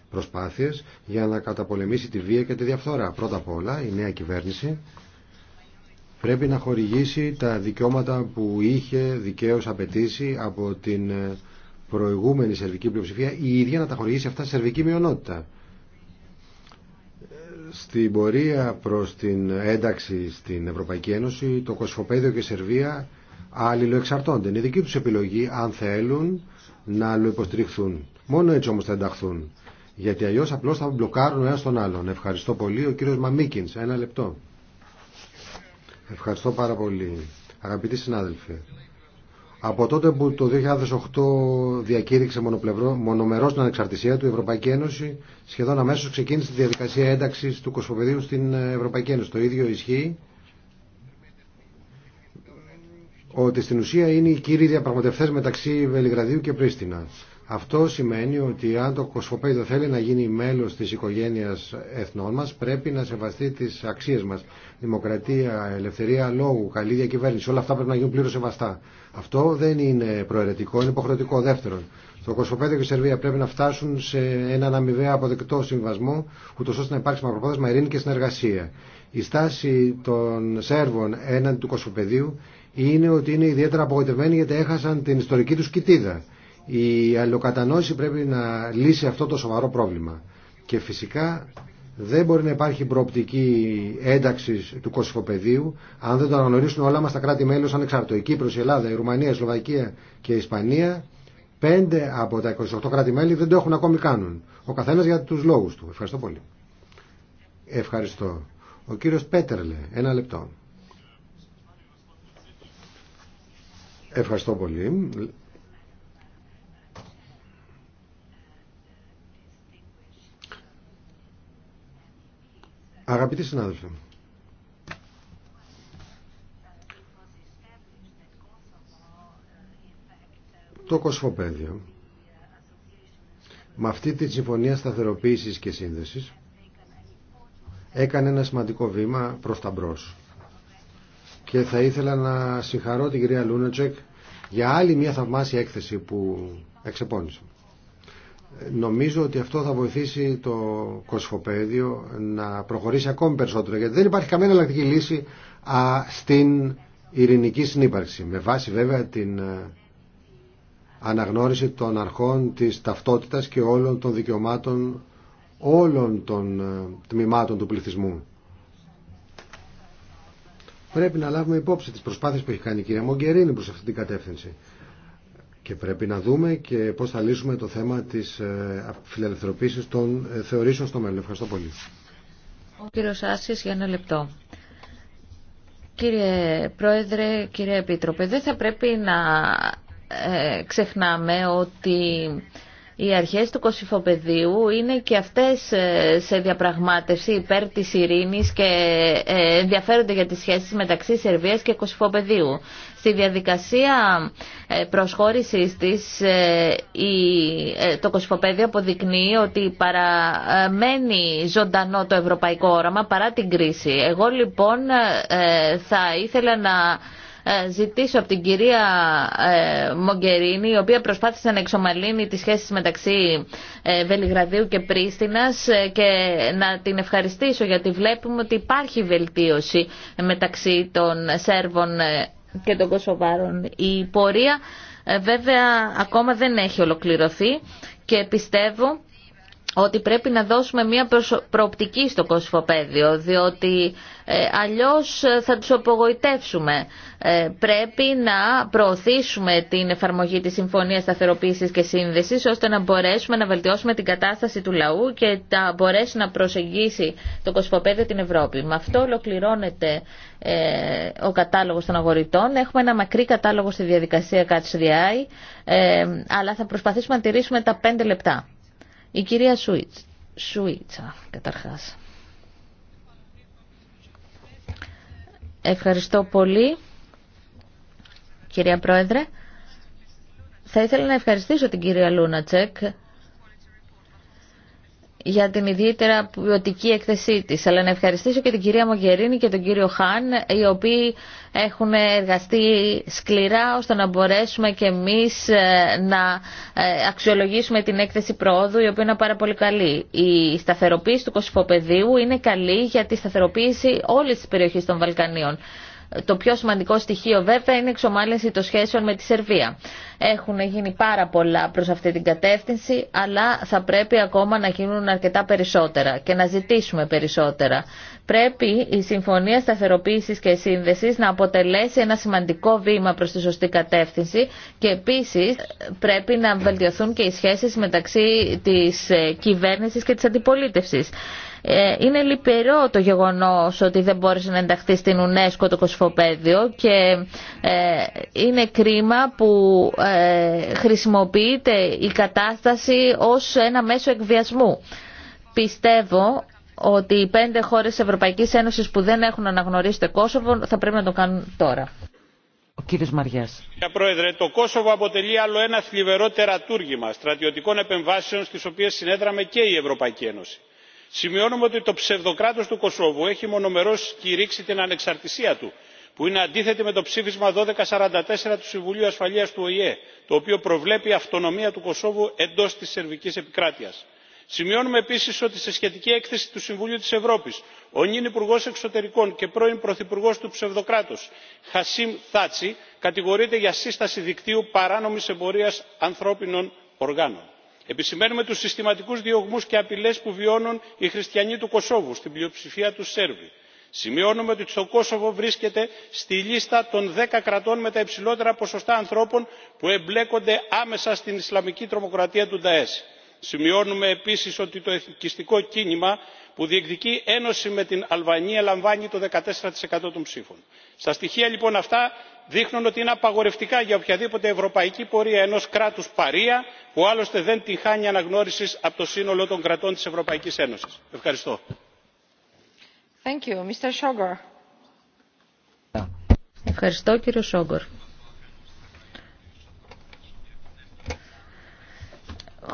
προσπάθειες για να καταπολεμήσει τη βία και τη διαφθορά. Πρώτα απ' όλα η νέα κυβέρνηση πρέπει να χορηγήσει τα δικαιώματα που είχε δικαίως απαιτήσει από την ε, προηγούμενη σερβική πλειοψηφία η ίδια να τα χορηγήσει αυτά σερβική μειονότητα. Στην πορεία προς την ένταξη στην Ευρωπαϊκή Ένωση το Κοσφοπέδιο και η Σερβία αλληλοεξαρτώνται. Είναι δική τους επιλογή αν θέλουν να αλληλοϊποστηριχθούν. Μόνο έτσι όμως θα ενταχθούν. Γιατί αλλιώ απλώ θα μπλοκάρουν ένα τον άλλον. Ευχαριστώ πολύ. Ο κύριο Μαμίκιν, ένα λεπτό. Ευχαριστώ πάρα πολύ. Αγαπητοί συνάδελφοι, από τότε που το 2008 διακήρυξε μονομερό την ανεξαρτησία του, η Ευρωπαϊκή Ένωση σχεδόν αμέσω ξεκίνησε τη διαδικασία ένταξη του Κοσμοπεδίου στην Ευρωπαϊκή Ένωση. Το ίδιο ισχύει ότι στην ουσία είναι οι κύριοι διαπραγματευτέ μεταξύ Βελιγραδίου και Πρίστινα. Αυτό σημαίνει ότι αν το κοσμοπέδιο θέλει να γίνει μέλος της οικογένειας εθνών μας, πρέπει να σεβαστεί τις αξίες μας. Δημοκρατία, ελευθερία λόγου, καλή διακυβέρνηση, όλα αυτά πρέπει να γίνουν πλήρως σεβαστά. Αυτό δεν είναι προαιρετικό, είναι υποχρεωτικό. Δεύτερον, το κοσμοπέδιο και η Σερβία πρέπει να φτάσουν σε έναν αμοιβαία αποδεκτό συμβασμό, ούτως ώστε να υπάρξει μακροπρόθεσμα ειρήνη και συνεργασία. Η στάση των Σέρβων έναντι του κοσμοπεδίου είναι ότι είναι ιδιαίτερα απογοητευμένοι γιατί έχασαν την ιστορική τους κοιτίδα. Η αλληλοκατανόηση πρέπει να λύσει αυτό το σοβαρό πρόβλημα. Και φυσικά δεν μπορεί να υπάρχει προοπτική ένταξη του κοσυφοπεδίου αν δεν το αναγνωρίσουν όλα μα τα κράτη-μέλη ω ανεξάρτητο. Η Κύπρος, η Ελλάδα, η Ρουμανία, η Σλοβακία και η Ισπανία, πέντε από τα 28 κράτη-μέλη δεν το έχουν ακόμη κάνουν. Ο καθένα για του λόγου του. Ευχαριστώ πολύ. Ευχαριστώ. Ο κύριο Πέτερλε, ένα λεπτό. Ευχαριστώ πολύ. Αγαπητοί συνάδελφοι, το κοσφοπέδιο με αυτή τη συμφωνία σταθεροποίησης και σύνδεσης έκανε ένα σημαντικό βήμα προς τα μπρος. Και θα ήθελα να συγχαρώ την κυρία Λούνατσεκ για άλλη μια θαυμάσια έκθεση που εξεπώνησε. Νομίζω ότι αυτό θα βοηθήσει το κοσφοπέδιο να προχωρήσει ακόμη περισσότερο γιατί δεν υπάρχει καμία εναλλακτική λύση στην ειρηνική συνύπαρξη με βάση βέβαια την ε, αναγνώριση των αρχών της ταυτότητας και όλων των δικαιωμάτων όλων των ε, τμήματων του πληθυσμού. Πρέπει να λάβουμε υπόψη τις προσπάθειες που έχει κάνει η κυρία Μογκερίνη προς αυτή την κατεύθυνση. Και πρέπει να δούμε και πώς θα λύσουμε το θέμα της ε, φιλελευθερωπήσης των ε, θεωρήσεων στο μέλλον. Ευχαριστώ πολύ. Ο κύριος Άσης για ένα λεπτό. Κύριε Πρόεδρε, κύριε Επίτροπε, δεν θα πρέπει να ε, ξεχνάμε ότι οι αρχές του Κωσυφοπεδίου είναι και αυτές σε διαπραγμάτευση υπέρ της ειρήνης και ενδιαφέρονται για τις σχέσεις μεταξύ Σερβίας και Κωσυφοπεδίου. Στη διαδικασία ε, προσχώρησης της ε, ε, το Κοσμοπέδιο αποδεικνύει ότι παραμένει ζωντανό το ευρωπαϊκό όραμα παρά την κρίση. Εγώ λοιπόν θα ήθελα να ζητήσω από την κυρία Μογκερίνη, η οποία προσπάθησε να εξομαλύνει τις σχέσεις μεταξύ Βελιγραδίου και Πρίστινας και να την ευχαριστήσω γιατί βλέπουμε ότι υπάρχει βελτίωση μεταξύ των Σέρβων και των Κωσοβάρων. Η πορεία ε, βέβαια ακόμα δεν έχει ολοκληρωθεί και πιστεύω ότι πρέπει να δώσουμε μια προοπτική στο κοσφοπέδιο, διότι ε, αλλιώς ε, θα τους απογοητεύσουμε. Ε, πρέπει να προωθήσουμε την εφαρμογή της Συμφωνίας Σταθεροποίησης και Σύνδεσης, ώστε να μπορέσουμε να βελτιώσουμε την κατάσταση του λαού και να μπορέσει να προσεγγίσει το κοσφοπέδιο την Ευρώπη. Με αυτό ολοκληρώνεται ο κατάλογος των αγορητών. Έχουμε ένα μακρύ κατάλογο στη διαδικασία ΚΑΤΣΔΙ, αλλά θα προσπαθήσουμε να τηρήσουμε τα πέντε λεπτά. Η κυρία Σουίτσα, καταρχάς. Ευχαριστώ πολύ, κυρία Πρόεδρε. Θα ήθελα να ευχαριστήσω την κυρία Λούνατσεκ για την ιδιαίτερα ποιοτική έκθεσή τη. Αλλά να ευχαριστήσω και την κυρία Μογερίνη και τον κύριο Χάν, οι οποίοι έχουν εργαστεί σκληρά ώστε να μπορέσουμε και εμείς ε, να ε, αξιολογήσουμε την έκθεση προόδου, η οποία είναι πάρα πολύ καλή. Η σταθεροποίηση του κοσυφοπεδίου είναι καλή για τη σταθεροποίηση όλη τη περιοχή των Βαλκανίων. Το πιο σημαντικό στοιχείο βέβαια είναι η εξομάλυνση των σχέσεων με τη Σερβία. Έχουν γίνει πάρα πολλά προς αυτή την κατεύθυνση, αλλά θα πρέπει ακόμα να γίνουν αρκετά περισσότερα και να ζητήσουμε περισσότερα. Πρέπει η Συμφωνία Σταθεροποίηση και Σύνδεση να αποτελέσει ένα σημαντικό βήμα προ τη σωστή κατεύθυνση και επίση πρέπει να βελτιωθούν και οι σχέσει μεταξύ τη ε, κυβέρνηση και τη αντιπολίτευση. Ε, είναι λυπηρό το γεγονός ότι δεν μπόρεσε να ενταχθεί στην UNESCO το κοσφοπέδιο και ε, είναι κρίμα που ε, χρησιμοποιείται η κατάσταση ως ένα μέσο εκβιασμού. Πιστεύω ότι οι πέντε χώρες Ευρωπαϊκής Ένωσης που δεν έχουν αναγνωρίσει το Κόσοβο θα πρέπει να το κάνουν τώρα. Ο κύριος Μαριάς. Κύριε Πρόεδρε, το Κόσοβο αποτελεί άλλο ένα θλιβερό τερατούργημα στρατιωτικών επεμβάσεων στις οποίες συνέδραμε και η Ευρωπαϊκή Ένωση σημειώνουμε ότι το ψευδοκράτος του κωσόβου έχει μονομερώς κηρύξει την ανεξαρτησία του που είναι αντίθετη με το ψήφισμα 1244 του συμβουλίου ασφαλείας του οηε το οποίο προβλέπει αυτονομία του κωσόβου εντός της σερβικής επικράτειας. σημειώνουμε επίσης ότι σε σχετική έκθεση του συμβουλίου της ευρώπης ο νυν υπουργός εξωτερικών και πρώην πρωθυπουργός του ψευδοκράτους χασίμ θάτσι κατηγορείται για σύσταση δικτύου παράνομης εμπορίας ανθρώπινων οργάνων επισημαίνουμε τους συστηματικούς διωγμούς και απειλές που βιώνουν οι χριστιανοί του κωσόβου στην πλειοψηφία του σέρβοι. σημειώνουμε ότι το κόσοβο βρίσκεται στη λίστα των δέκα κρατών με τα υψηλότερα ποσοστά ανθρώπων που εμπλέκονται άμεσα στην ισλαμική τρομοκρατία του νταές σημειώνουμε επίσης ότι το εθνικιστικό κίνημα που διεκδικεί ένωση με την αλβανία λαμβάνει το 14% των ψήφων. στα στοιχεία λοιπόν αυτά δείχνουν ότι είναι απαγορευτικά για οποιαδήποτε ευρωπαϊκή πορεία ενός κράτους παρία που άλλωστε δεν την χάνει αναγνώρισης από το σύνολο των κρατών της ευρωπαϊκής ένωσης. ευχαριστώ.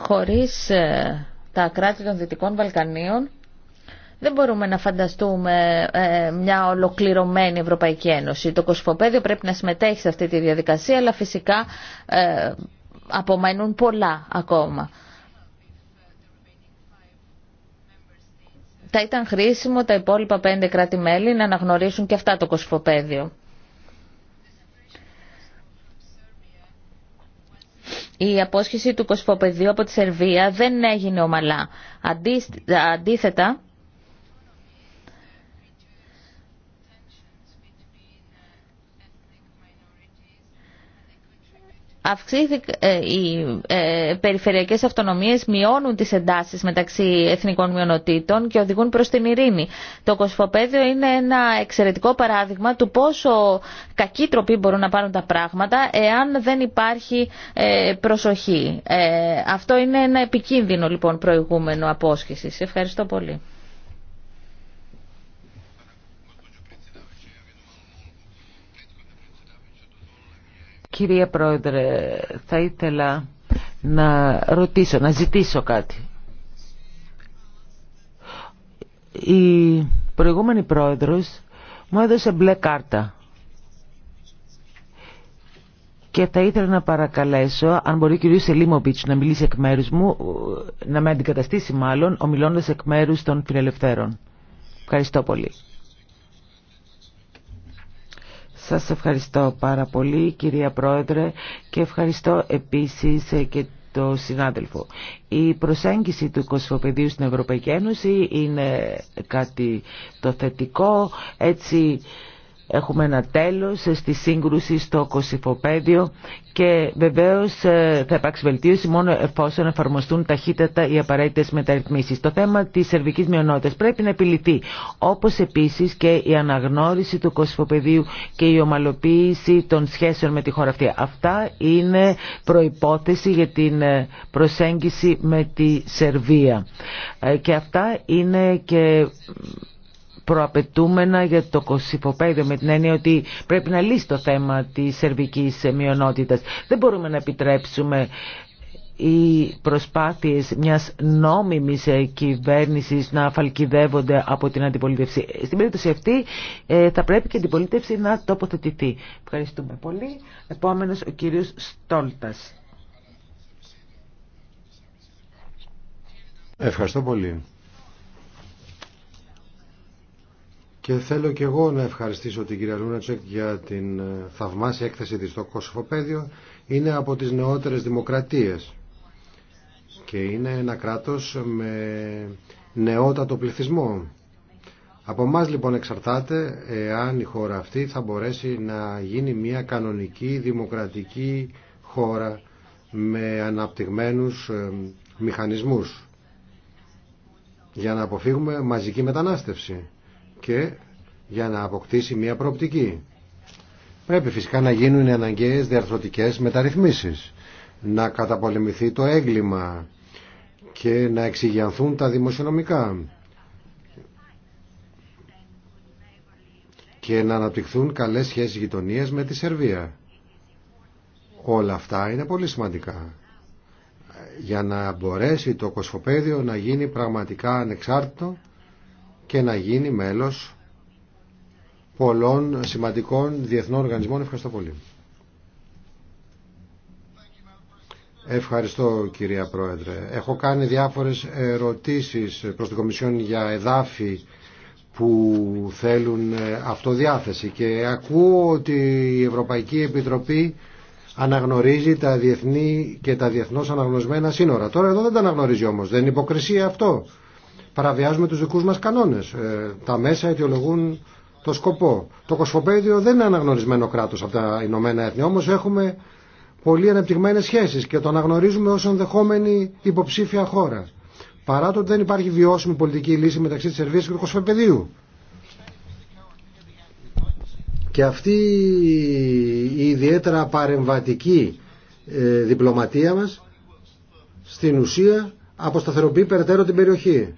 χωρίς ε, τα κράτη των Δυτικών Βαλκανίων δεν μπορούμε να φανταστούμε ε, μια ολοκληρωμένη Ευρωπαϊκή Ένωση. Το Κοσμοπέδιο πρέπει να συμμετέχει σε αυτή τη διαδικασία, αλλά φυσικά ε, απομένουν πολλά ακόμα. Θα ήταν χρήσιμο τα υπόλοιπα πέντε κράτη-μέλη να αναγνωρίσουν και αυτά το Κοσμοπέδιο. η απόσχεση του Κοσμοπεδίου από τη Σερβία δεν έγινε ομαλά. Αντίθετα, Αυξήθηκε, οι ε, περιφερειακές αυτονομίες μειώνουν τις εντάσεις μεταξύ εθνικών μειονοτήτων και οδηγούν προς την ειρήνη. Το κοσφοπέδιο είναι ένα εξαιρετικό παράδειγμα του πόσο κακή τροπή μπορούν να πάρουν τα πράγματα εάν δεν υπάρχει ε, προσοχή. Ε, αυτό είναι ένα επικίνδυνο λοιπόν προηγούμενο απόσχεσης. Ευχαριστώ πολύ. Κυρία Πρόεδρε, θα ήθελα να ρωτήσω, να ζητήσω κάτι. Η προηγούμενη πρόεδρος μου έδωσε μπλε κάρτα και θα ήθελα να παρακαλέσω αν μπορεί ο κ. Σελίμοβιτς να μιλήσει εκ μέρους μου, να με αντικαταστήσει μάλλον, ομιλώντας εκ μέρους των φιλελευθέρων. Ευχαριστώ πολύ. Σας ευχαριστώ πάρα πολύ κυρία Πρόεδρε και ευχαριστώ επίσης ε, και το συνάδελφο. Η προσέγγιση του κοσμοπεδίου στην Ευρωπαϊκή Ένωση είναι κάτι το θετικό, έτσι Έχουμε ένα τέλος στη σύγκρουση στο κοσυφοπαίδιο και βεβαίως ε, θα υπάρξει βελτίωση μόνο εφόσον εφαρμοστούν ταχύτατα οι απαραίτητες μεταρρυθμίσεις. Το θέμα της σερβικής μειονότητας πρέπει να επιληθεί, όπως επίσης και η αναγνώριση του κοσυφοπαιδίου και η ομαλοποίηση των σχέσεων με τη χώρα αυτή. Αυτά είναι προϋπόθεση για την ε, προσέγγιση με τη Σερβία. Ε, και αυτά είναι και προαπαιτούμενα για το κοσυφοπαίδιο με την έννοια ότι πρέπει να λύσει το θέμα της σερβικής μειονότητας. Δεν μπορούμε να επιτρέψουμε οι προσπάθειες μιας νόμιμης κυβέρνησης να αφαλκιδεύονται από την αντιπολίτευση. Στην περίπτωση αυτή ε, θα πρέπει και η αντιπολίτευση να τοποθετηθεί. Ευχαριστούμε πολύ. Επόμενος ο κύριος Στόλτας. Ευχαριστώ πολύ. Και θέλω και εγώ να ευχαριστήσω την κυρία Λούνατσεκ για την ε, θαυμάσια έκθεση της στο Κωσοφοπέδιο. Είναι από τις νεότερες δημοκρατίες και είναι ένα κράτος με νεότατο πληθυσμό. Από εμά λοιπόν εξαρτάται εάν η χώρα αυτή θα μπορέσει να γίνει μια κανονική δημοκρατική χώρα με αναπτυγμένους ε, μηχανισμούς για να αποφύγουμε μαζική μετανάστευση και για να αποκτήσει μια προοπτική. Πρέπει φυσικά να γίνουν οι αναγκαίες διαρθρωτικές μεταρρυθμίσεις, να καταπολεμηθεί το έγκλημα και να εξηγιανθούν τα δημοσιονομικά και να αναπτυχθούν καλές σχέσεις γειτονίας με τη Σερβία. Όλα αυτά είναι πολύ σημαντικά για να μπορέσει το κοσφοπέδιο να γίνει πραγματικά ανεξάρτητο και να γίνει μέλος πολλών σημαντικών διεθνών οργανισμών. Ευχαριστώ πολύ. Ευχαριστώ κυρία Πρόεδρε. Έχω κάνει διάφορες ερωτήσεις προς την Κομισιόν για εδάφη που θέλουν αυτοδιάθεση και ακούω ότι η Ευρωπαϊκή Επιτροπή αναγνωρίζει τα διεθνή και τα διεθνώς αναγνωσμένα σύνορα. Τώρα εδώ δεν τα αναγνωρίζει όμως. Δεν είναι υποκρισία αυτό παραβιάζουμε τους δικούς μας κανόνες. Ε, τα μέσα αιτιολογούν το σκοπό. Το κοσμοπέδιο δεν είναι αναγνωρισμένο κράτος από τα Ηνωμένα Έθνη, όμως έχουμε πολύ αναπτυγμένες σχέσεις και το αναγνωρίζουμε ως ενδεχόμενη υποψήφια χώρα. Παρά το ότι δεν υπάρχει βιώσιμη πολιτική λύση μεταξύ της Σερβίας και του Κοσφοπέδιου. Και αυτή η ιδιαίτερα παρεμβατική ε, διπλωματία μας στην ουσία αποσταθεροποιεί περαιτέρω την περιοχή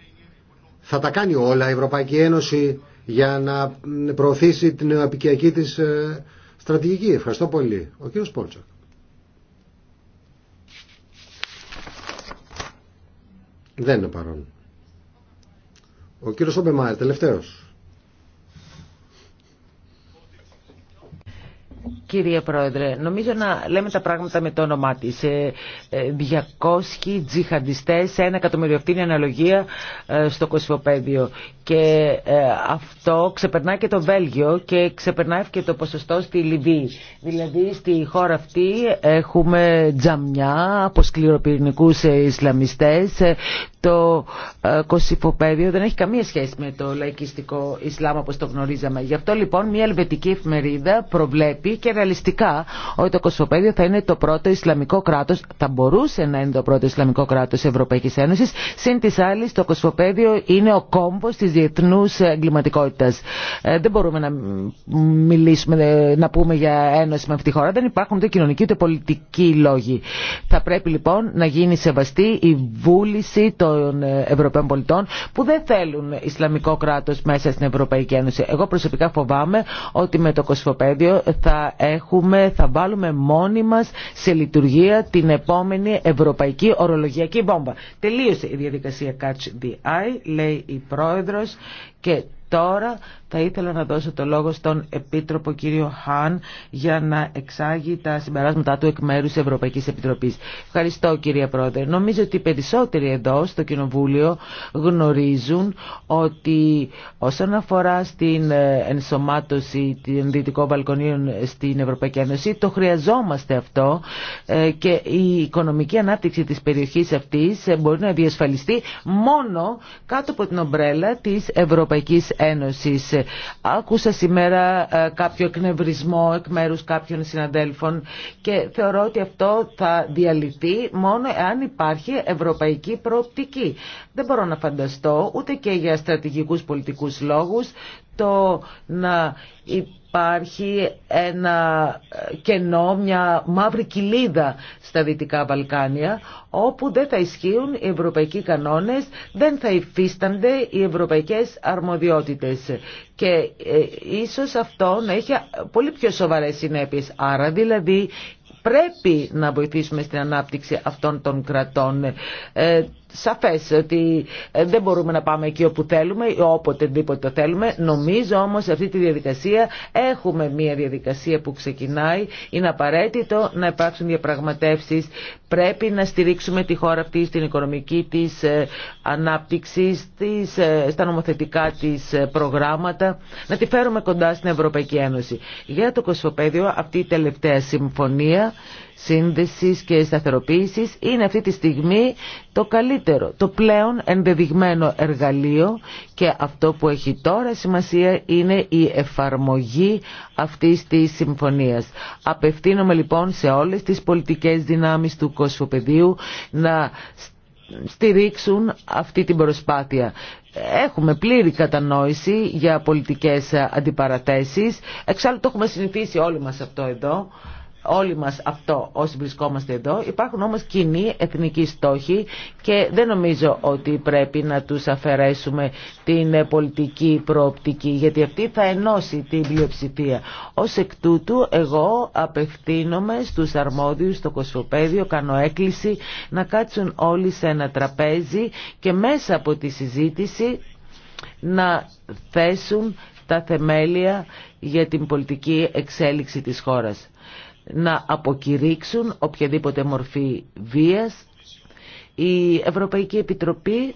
θα τα κάνει όλα η Ευρωπαϊκή Ένωση για να προωθήσει την νεοαπικιακή της ε, στρατηγική. Ευχαριστώ πολύ. Ο κύριος Πόλτσακ. Δεν είναι παρόν. Ο κύριος Ομπεμάερ, τελευταίος. Κύριε Πρόεδρε, νομίζω να λέμε τα πράγματα με το όνομά τη. 200 ε, ε, τζιχαντιστέ, ένα εκατομμύριο. είναι η αναλογία ε, στο Κωσυφοπαίδιο. Και αυτό ξεπερνάει και το Βέλγιο και ξεπερνάει και το ποσοστό στη Λιβύη. Δηλαδή στη χώρα αυτή έχουμε τζαμιά από σκληροπυρηνικού Ισλαμιστέ. Το Κωσυφοπαίδιο δεν έχει καμία σχέση με το λαϊκιστικό Ισλάμ όπω το γνωρίζαμε. Γι' αυτό λοιπόν μια ελβετική εφημερίδα προβλέπει ρεαλιστικά ότι το Κοσμοπέδιο θα είναι το πρώτο Ισλαμικό κράτο, θα μπορούσε να είναι το πρώτο Ισλαμικό κράτος Ευρωπαϊκή Ένωση. Συν τη άλλη το Κοσμοπέδιο είναι ο κόμβος τη διεθνού εγκληματικότητα. Ε, δεν μπορούμε να μιλήσουμε, ε, να πούμε για ένωση με αυτή τη χώρα. Δεν υπάρχουν ούτε κοινωνικοί ούτε πολιτικοί λόγοι. Θα πρέπει λοιπόν να γίνει σεβαστή η βούληση των ε, Ευρωπαίων πολιτών που δεν θέλουν Ισλαμικό κράτο μέσα στην Ευρωπαϊκή Ένωση. Εγώ προσωπικά φοβάμαι ότι με το Κωσοπέδιο θα έχουμε, θα βάλουμε μόνοι μας σε λειτουργία την επόμενη ευρωπαϊκή ορολογιακή βόμβα. Τελείωσε η διαδικασία Catch the Eye, λέει η πρόεδρος και τώρα θα ήθελα να δώσω το λόγο στον Επίτροπο κύριο Χάν για να εξάγει τα συμπεράσματα του εκ μέρου της Ευρωπαϊκής Επιτροπής. Ευχαριστώ κύριε Πρόεδρε. Νομίζω ότι οι περισσότεροι εδώ στο Κοινοβούλιο γνωρίζουν ότι όσον αφορά στην ε, ενσωμάτωση των Δυτικών Βαλκονίων στην Ευρωπαϊκή Ένωση, το χρειαζόμαστε αυτό ε, και η οικονομική ανάπτυξη τη περιοχή αυτή ε, μπορεί να διασφαλιστεί μόνο κάτω από την ομπρέλα της Ευρωπαϊκής Ένωσης. Άκουσα σήμερα ε, κάποιο εκνευρισμό εκ μέρους κάποιων συναντέλφων και θεωρώ ότι αυτό θα διαλυθεί μόνο εάν υπάρχει ευρωπαϊκή προοπτική. Δεν μπορώ να φανταστώ ούτε και για στρατηγικούς πολιτικούς λόγους το να υπάρχει ένα κενό, μια μαύρη κοιλίδα στα Δυτικά Βαλκάνια όπου δεν θα ισχύουν οι ευρωπαϊκοί κανόνες, δεν θα υφίστανται οι ευρωπαϊκές αρμοδιότητες και ε, ίσως αυτό να έχει πολύ πιο σοβαρές συνέπειες. Άρα δηλαδή πρέπει να βοηθήσουμε στην ανάπτυξη αυτών των κρατών. Ε, σαφές ότι ε, δεν μπορούμε να πάμε εκεί όπου θέλουμε ή τίποτε το θέλουμε. Νομίζω όμως αυτή τη διαδικασία έχουμε μια διαδικασία που ξεκινάει. Είναι απαραίτητο να υπάρξουν διαπραγματεύσεις. Πρέπει να στηρίξουμε τη χώρα αυτή στην οικονομική της ε, ανάπτυξη, ε, στα νομοθετικά της προγράμματα, να τη φέρουμε κοντά στην Ευρωπαϊκή Ένωση. Για το Κοσμοπέδιο αυτή η τελευταία συμφωνία σύνδεσης και σταθεροποίησης είναι αυτή τη στιγμή το καλύτερο, το πλέον ενδεδειγμένο εργαλείο και αυτό που έχει τώρα σημασία είναι η εφαρμογή αυτής της συμφωνίας. Απευθύνομαι λοιπόν σε όλες τις πολιτικές δυνάμεις του κοσμοπεδίου να στηρίξουν αυτή την προσπάθεια. Έχουμε πλήρη κατανόηση για πολιτικές αντιπαρατέσεις. Εξάλλου το έχουμε συνηθίσει όλοι μας αυτό εδώ όλοι μας αυτό όσοι βρισκόμαστε εδώ. Υπάρχουν όμως κοινοί εθνικοί στόχοι και δεν νομίζω ότι πρέπει να τους αφαιρέσουμε την πολιτική προοπτική γιατί αυτή θα ενώσει την πλειοψηφία. Ως εκ τούτου εγώ απευθύνομαι στους αρμόδιους στο Κοσμοπέδιο, κάνω έκκληση να κάτσουν όλοι σε ένα τραπέζι και μέσα από τη συζήτηση να θέσουν τα θεμέλια για την πολιτική εξέλιξη της χώρας να αποκηρύξουν οποιαδήποτε μορφή βίας. Η Ευρωπαϊκή Επιτροπή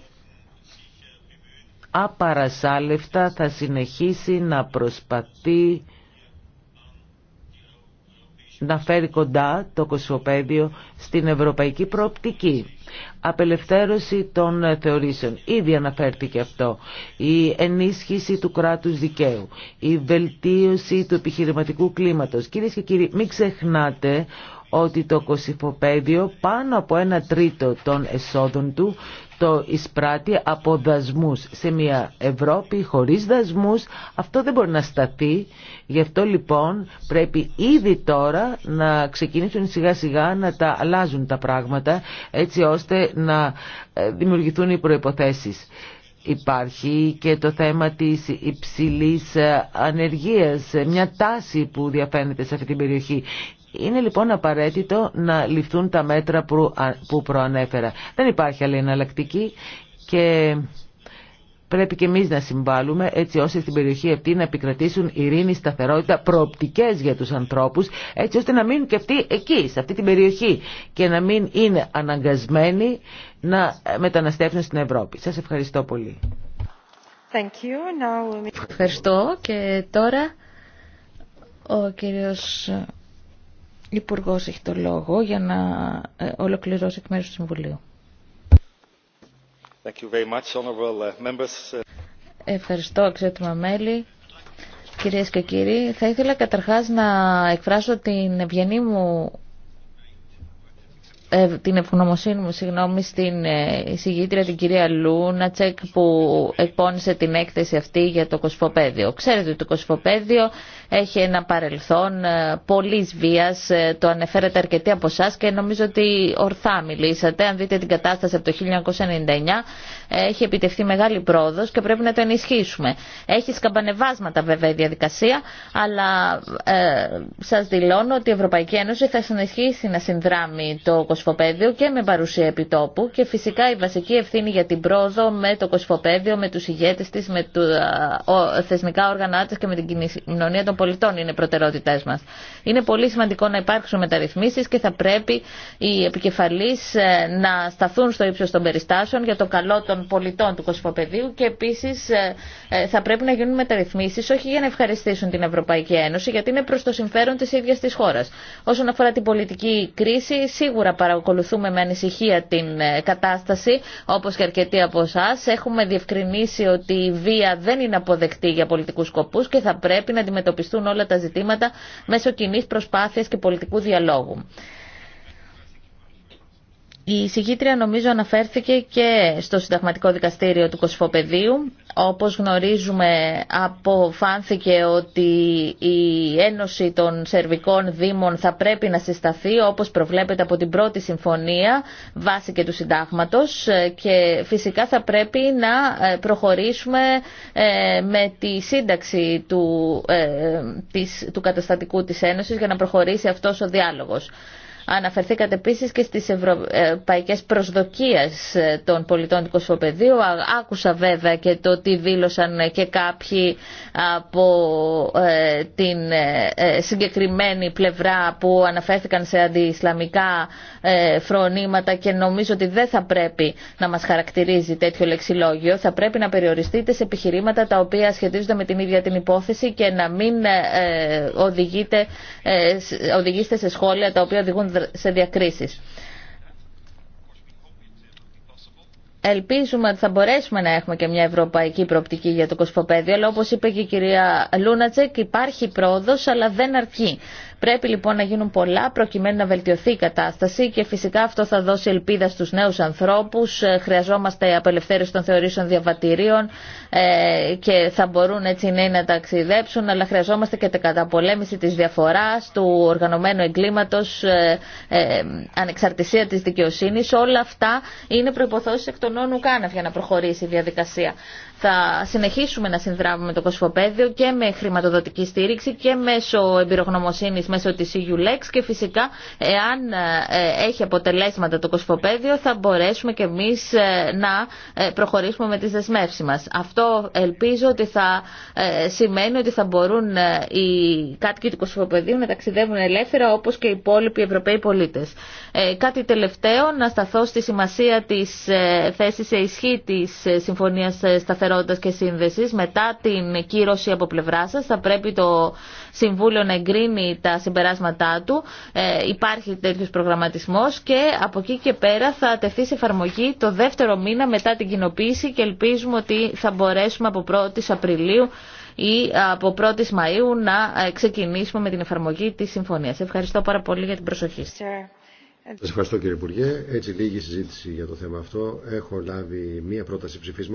απαρασάλευτα θα συνεχίσει να προσπαθεί να φέρει κοντά το κοσμοπέδιο στην ευρωπαϊκή προοπτική. Απελευθέρωση των θεωρήσεων. Ήδη αναφέρθηκε αυτό. Η ενίσχυση του κράτους δικαίου. Η βελτίωση του επιχειρηματικού κλίματος. Κυρίε και κύριοι, μην ξεχνάτε ότι το κοσυφοπέδιο πάνω από ένα τρίτο των εσόδων του το εισπράττει από σε μια Ευρώπη χωρίς δασμούς. Αυτό δεν μπορεί να σταθεί. Γι' αυτό λοιπόν πρέπει ήδη τώρα να ξεκινήσουν σιγά σιγά να τα αλλάζουν τα πράγματα έτσι ώστε να ε, δημιουργηθούν οι προϋποθέσεις. Υπάρχει και το θέμα της υψηλής ε, ανεργίας, ε, μια τάση που διαφαίνεται σε αυτή την περιοχή. Είναι λοιπόν απαραίτητο να ληφθούν τα μέτρα που προανέφερα. Δεν υπάρχει άλλη εναλλακτική και πρέπει και εμείς να συμβάλλουμε έτσι ώστε στην περιοχή αυτή να επικρατήσουν ειρήνη, σταθερότητα, προοπτικές για τους ανθρώπους έτσι ώστε να μείνουν και αυτοί εκεί, σε αυτή την περιοχή και να μην είναι αναγκασμένοι να μεταναστεύσουν στην Ευρώπη. Σας ευχαριστώ πολύ. Ευχαριστώ και τώρα ο κύριος υπουργό έχει το λόγο για να ε, ολοκληρώσει εκ μέρους του Συμβουλίου. Uh, Ευχαριστώ, αξιότιμα μέλη. Κυρίες και κύριοι, θα ήθελα καταρχάς να εκφράσω την ευγενή μου ε, την ευγνωμοσύνη μου συγγνώμη, στην ε, εισηγήτρια την κυρία Λούνατσεκ που εκπώνησε την έκθεση αυτή για το κοσφοπέδιο. Ξέρετε ότι το κοσφοπέδιο έχει ένα παρελθόν ε, πολλή βία, το ανεφέρετε αρκετοί από εσά και νομίζω ότι ορθά μιλήσατε. Αν δείτε την κατάσταση από το 1999 έχει επιτευχθεί μεγάλη πρόοδος και πρέπει να το ενισχύσουμε. Έχει σκαμπανεβάσματα βέβαια η διαδικασία, αλλά ε, σας δηλώνω ότι η Ευρωπαϊκή Ένωση θα συνεχίσει να συνδράμει το κοσφοπέδιο και με παρουσία επιτόπου και φυσικά η βασική ευθύνη για την πρόοδο με το κοσφοπέδιο, με τους ηγέτες της, με τα ε, θεσμικά όργανα τη και με την κοινωνία των πολιτών είναι προτεραιότητές μας. Είναι πολύ σημαντικό να υπάρξουν μεταρρυθμίσεις και θα πρέπει οι επικεφαλείς ε, να σταθούν στο ύψο των περιστάσεων για το καλό των πολιτών του Κωσφοπεδίου και επίση ε, ε, θα πρέπει να γίνουν μεταρρυθμίσει όχι για να ευχαριστήσουν την Ευρωπαϊκή Ένωση γιατί είναι προ το συμφέρον τη ίδια τη χώρα. Όσον αφορά την πολιτική κρίση σίγουρα παρακολουθούμε με ανησυχία την ε, κατάσταση όπω και αρκετοί από εσά. Έχουμε διευκρινίσει ότι η βία δεν είναι αποδεκτή για πολιτικού σκοπού και θα πρέπει να αντιμετωπιστούν όλα τα ζητήματα μέσω κοινή προσπάθεια και πολιτικού διαλόγου. Η συγκήτρια νομίζω αναφέρθηκε και στο Συνταγματικό Δικαστήριο του Κοσφοπεδίου. Όπως γνωρίζουμε αποφάνθηκε ότι η Ένωση των Σερβικών Δήμων θα πρέπει να συσταθεί όπως προβλέπεται από την πρώτη συμφωνία βάσει και του Συντάγματος και φυσικά θα πρέπει να ε, προχωρήσουμε ε, με τη σύνταξη του, ε, του καταστατικού της Ένωσης για να προχωρήσει αυτός ο διάλογος. Αναφερθήκατε επίσης και στις ευρωπαϊκές προσδοκίες ε, των πολιτών του Κοσμοπεδίου. Άκουσα βέβαια και το τι δήλωσαν και κάποιοι από ε, την ε, συγκεκριμένη πλευρά που αναφέρθηκαν σε αντιισλαμικά φρονήματα και νομίζω ότι δεν θα πρέπει να μας χαρακτηρίζει τέτοιο λεξιλόγιο. Θα πρέπει να περιοριστείτε σε επιχειρήματα τα οποία σχετίζονται με την ίδια την υπόθεση και να μην οδηγείτε, οδηγείστε σε σχόλια τα οποία οδηγούν σε διακρίσεις. Ελπίζουμε ότι θα μπορέσουμε να έχουμε και μια ευρωπαϊκή προοπτική για το κοσμοπέδιο, αλλά όπως είπε και η κυρία Λούνατσεκ υπάρχει πρόοδος αλλά δεν αρκεί. Πρέπει λοιπόν να γίνουν πολλά προκειμένου να βελτιωθεί η κατάσταση και φυσικά αυτό θα δώσει ελπίδα στους νέους ανθρώπους. Ε, χρειαζόμαστε απελευθέρωση των θεωρήσεων διαβατηρίων ε, και θα μπορούν έτσι οι νέοι να ταξιδέψουν, αλλά χρειαζόμαστε και την καταπολέμηση της διαφοράς, του οργανωμένου εγκλήματος, ε, ανεξαρτησία της δικαιοσύνης. Όλα αυτά είναι προϋποθέσεις εκ των νόνου κάνευ για να προχωρήσει η διαδικασία θα συνεχίσουμε να συνδράμουμε το Κοσμοπέδιο και με χρηματοδοτική στήριξη και μέσω εμπειρογνωμοσύνης, μέσω της EULEX και φυσικά εάν ε, έχει αποτελέσματα το Κοσμοπέδιο θα μπορέσουμε και εμείς ε, να ε, προχωρήσουμε με τις δεσμεύσεις μας. Αυτό ελπίζω ότι θα σημαίνει ότι θα μπορούν οι κάτοικοι του κοσφοπεδίου να ταξιδεύουν ελεύθερα όπως και οι υπόλοιποι Ευρωπαίοι πολίτες. Κάτι τελευταίο, να σταθώ στη σημασία της θέσης σε ισχύ της Συμφωνίας και σύνδεσης μετά την κύρωση από πλευρά σα. θα πρέπει το Συμβούλιο να εγκρίνει τα συμπεράσματά του ε, υπάρχει τέτοιο προγραμματισμός και από εκεί και πέρα θα τεθεί σε εφαρμογή το δεύτερο μήνα μετά την κοινοποίηση και ελπίζουμε ότι θα μπορέσουμε από 1η Απριλίου ή από 1η Μαΐου να ε, ξεκινήσουμε με την εφαρμογή της συμφωνίας. Ευχαριστώ πάρα πολύ για την προσοχή σας. Σας ευχαριστώ κύριε Υπουργέ. Έτσι λίγη συζήτηση για το θέμα αυτό. Έχω λάβει μία πρόταση ψηφίσμα.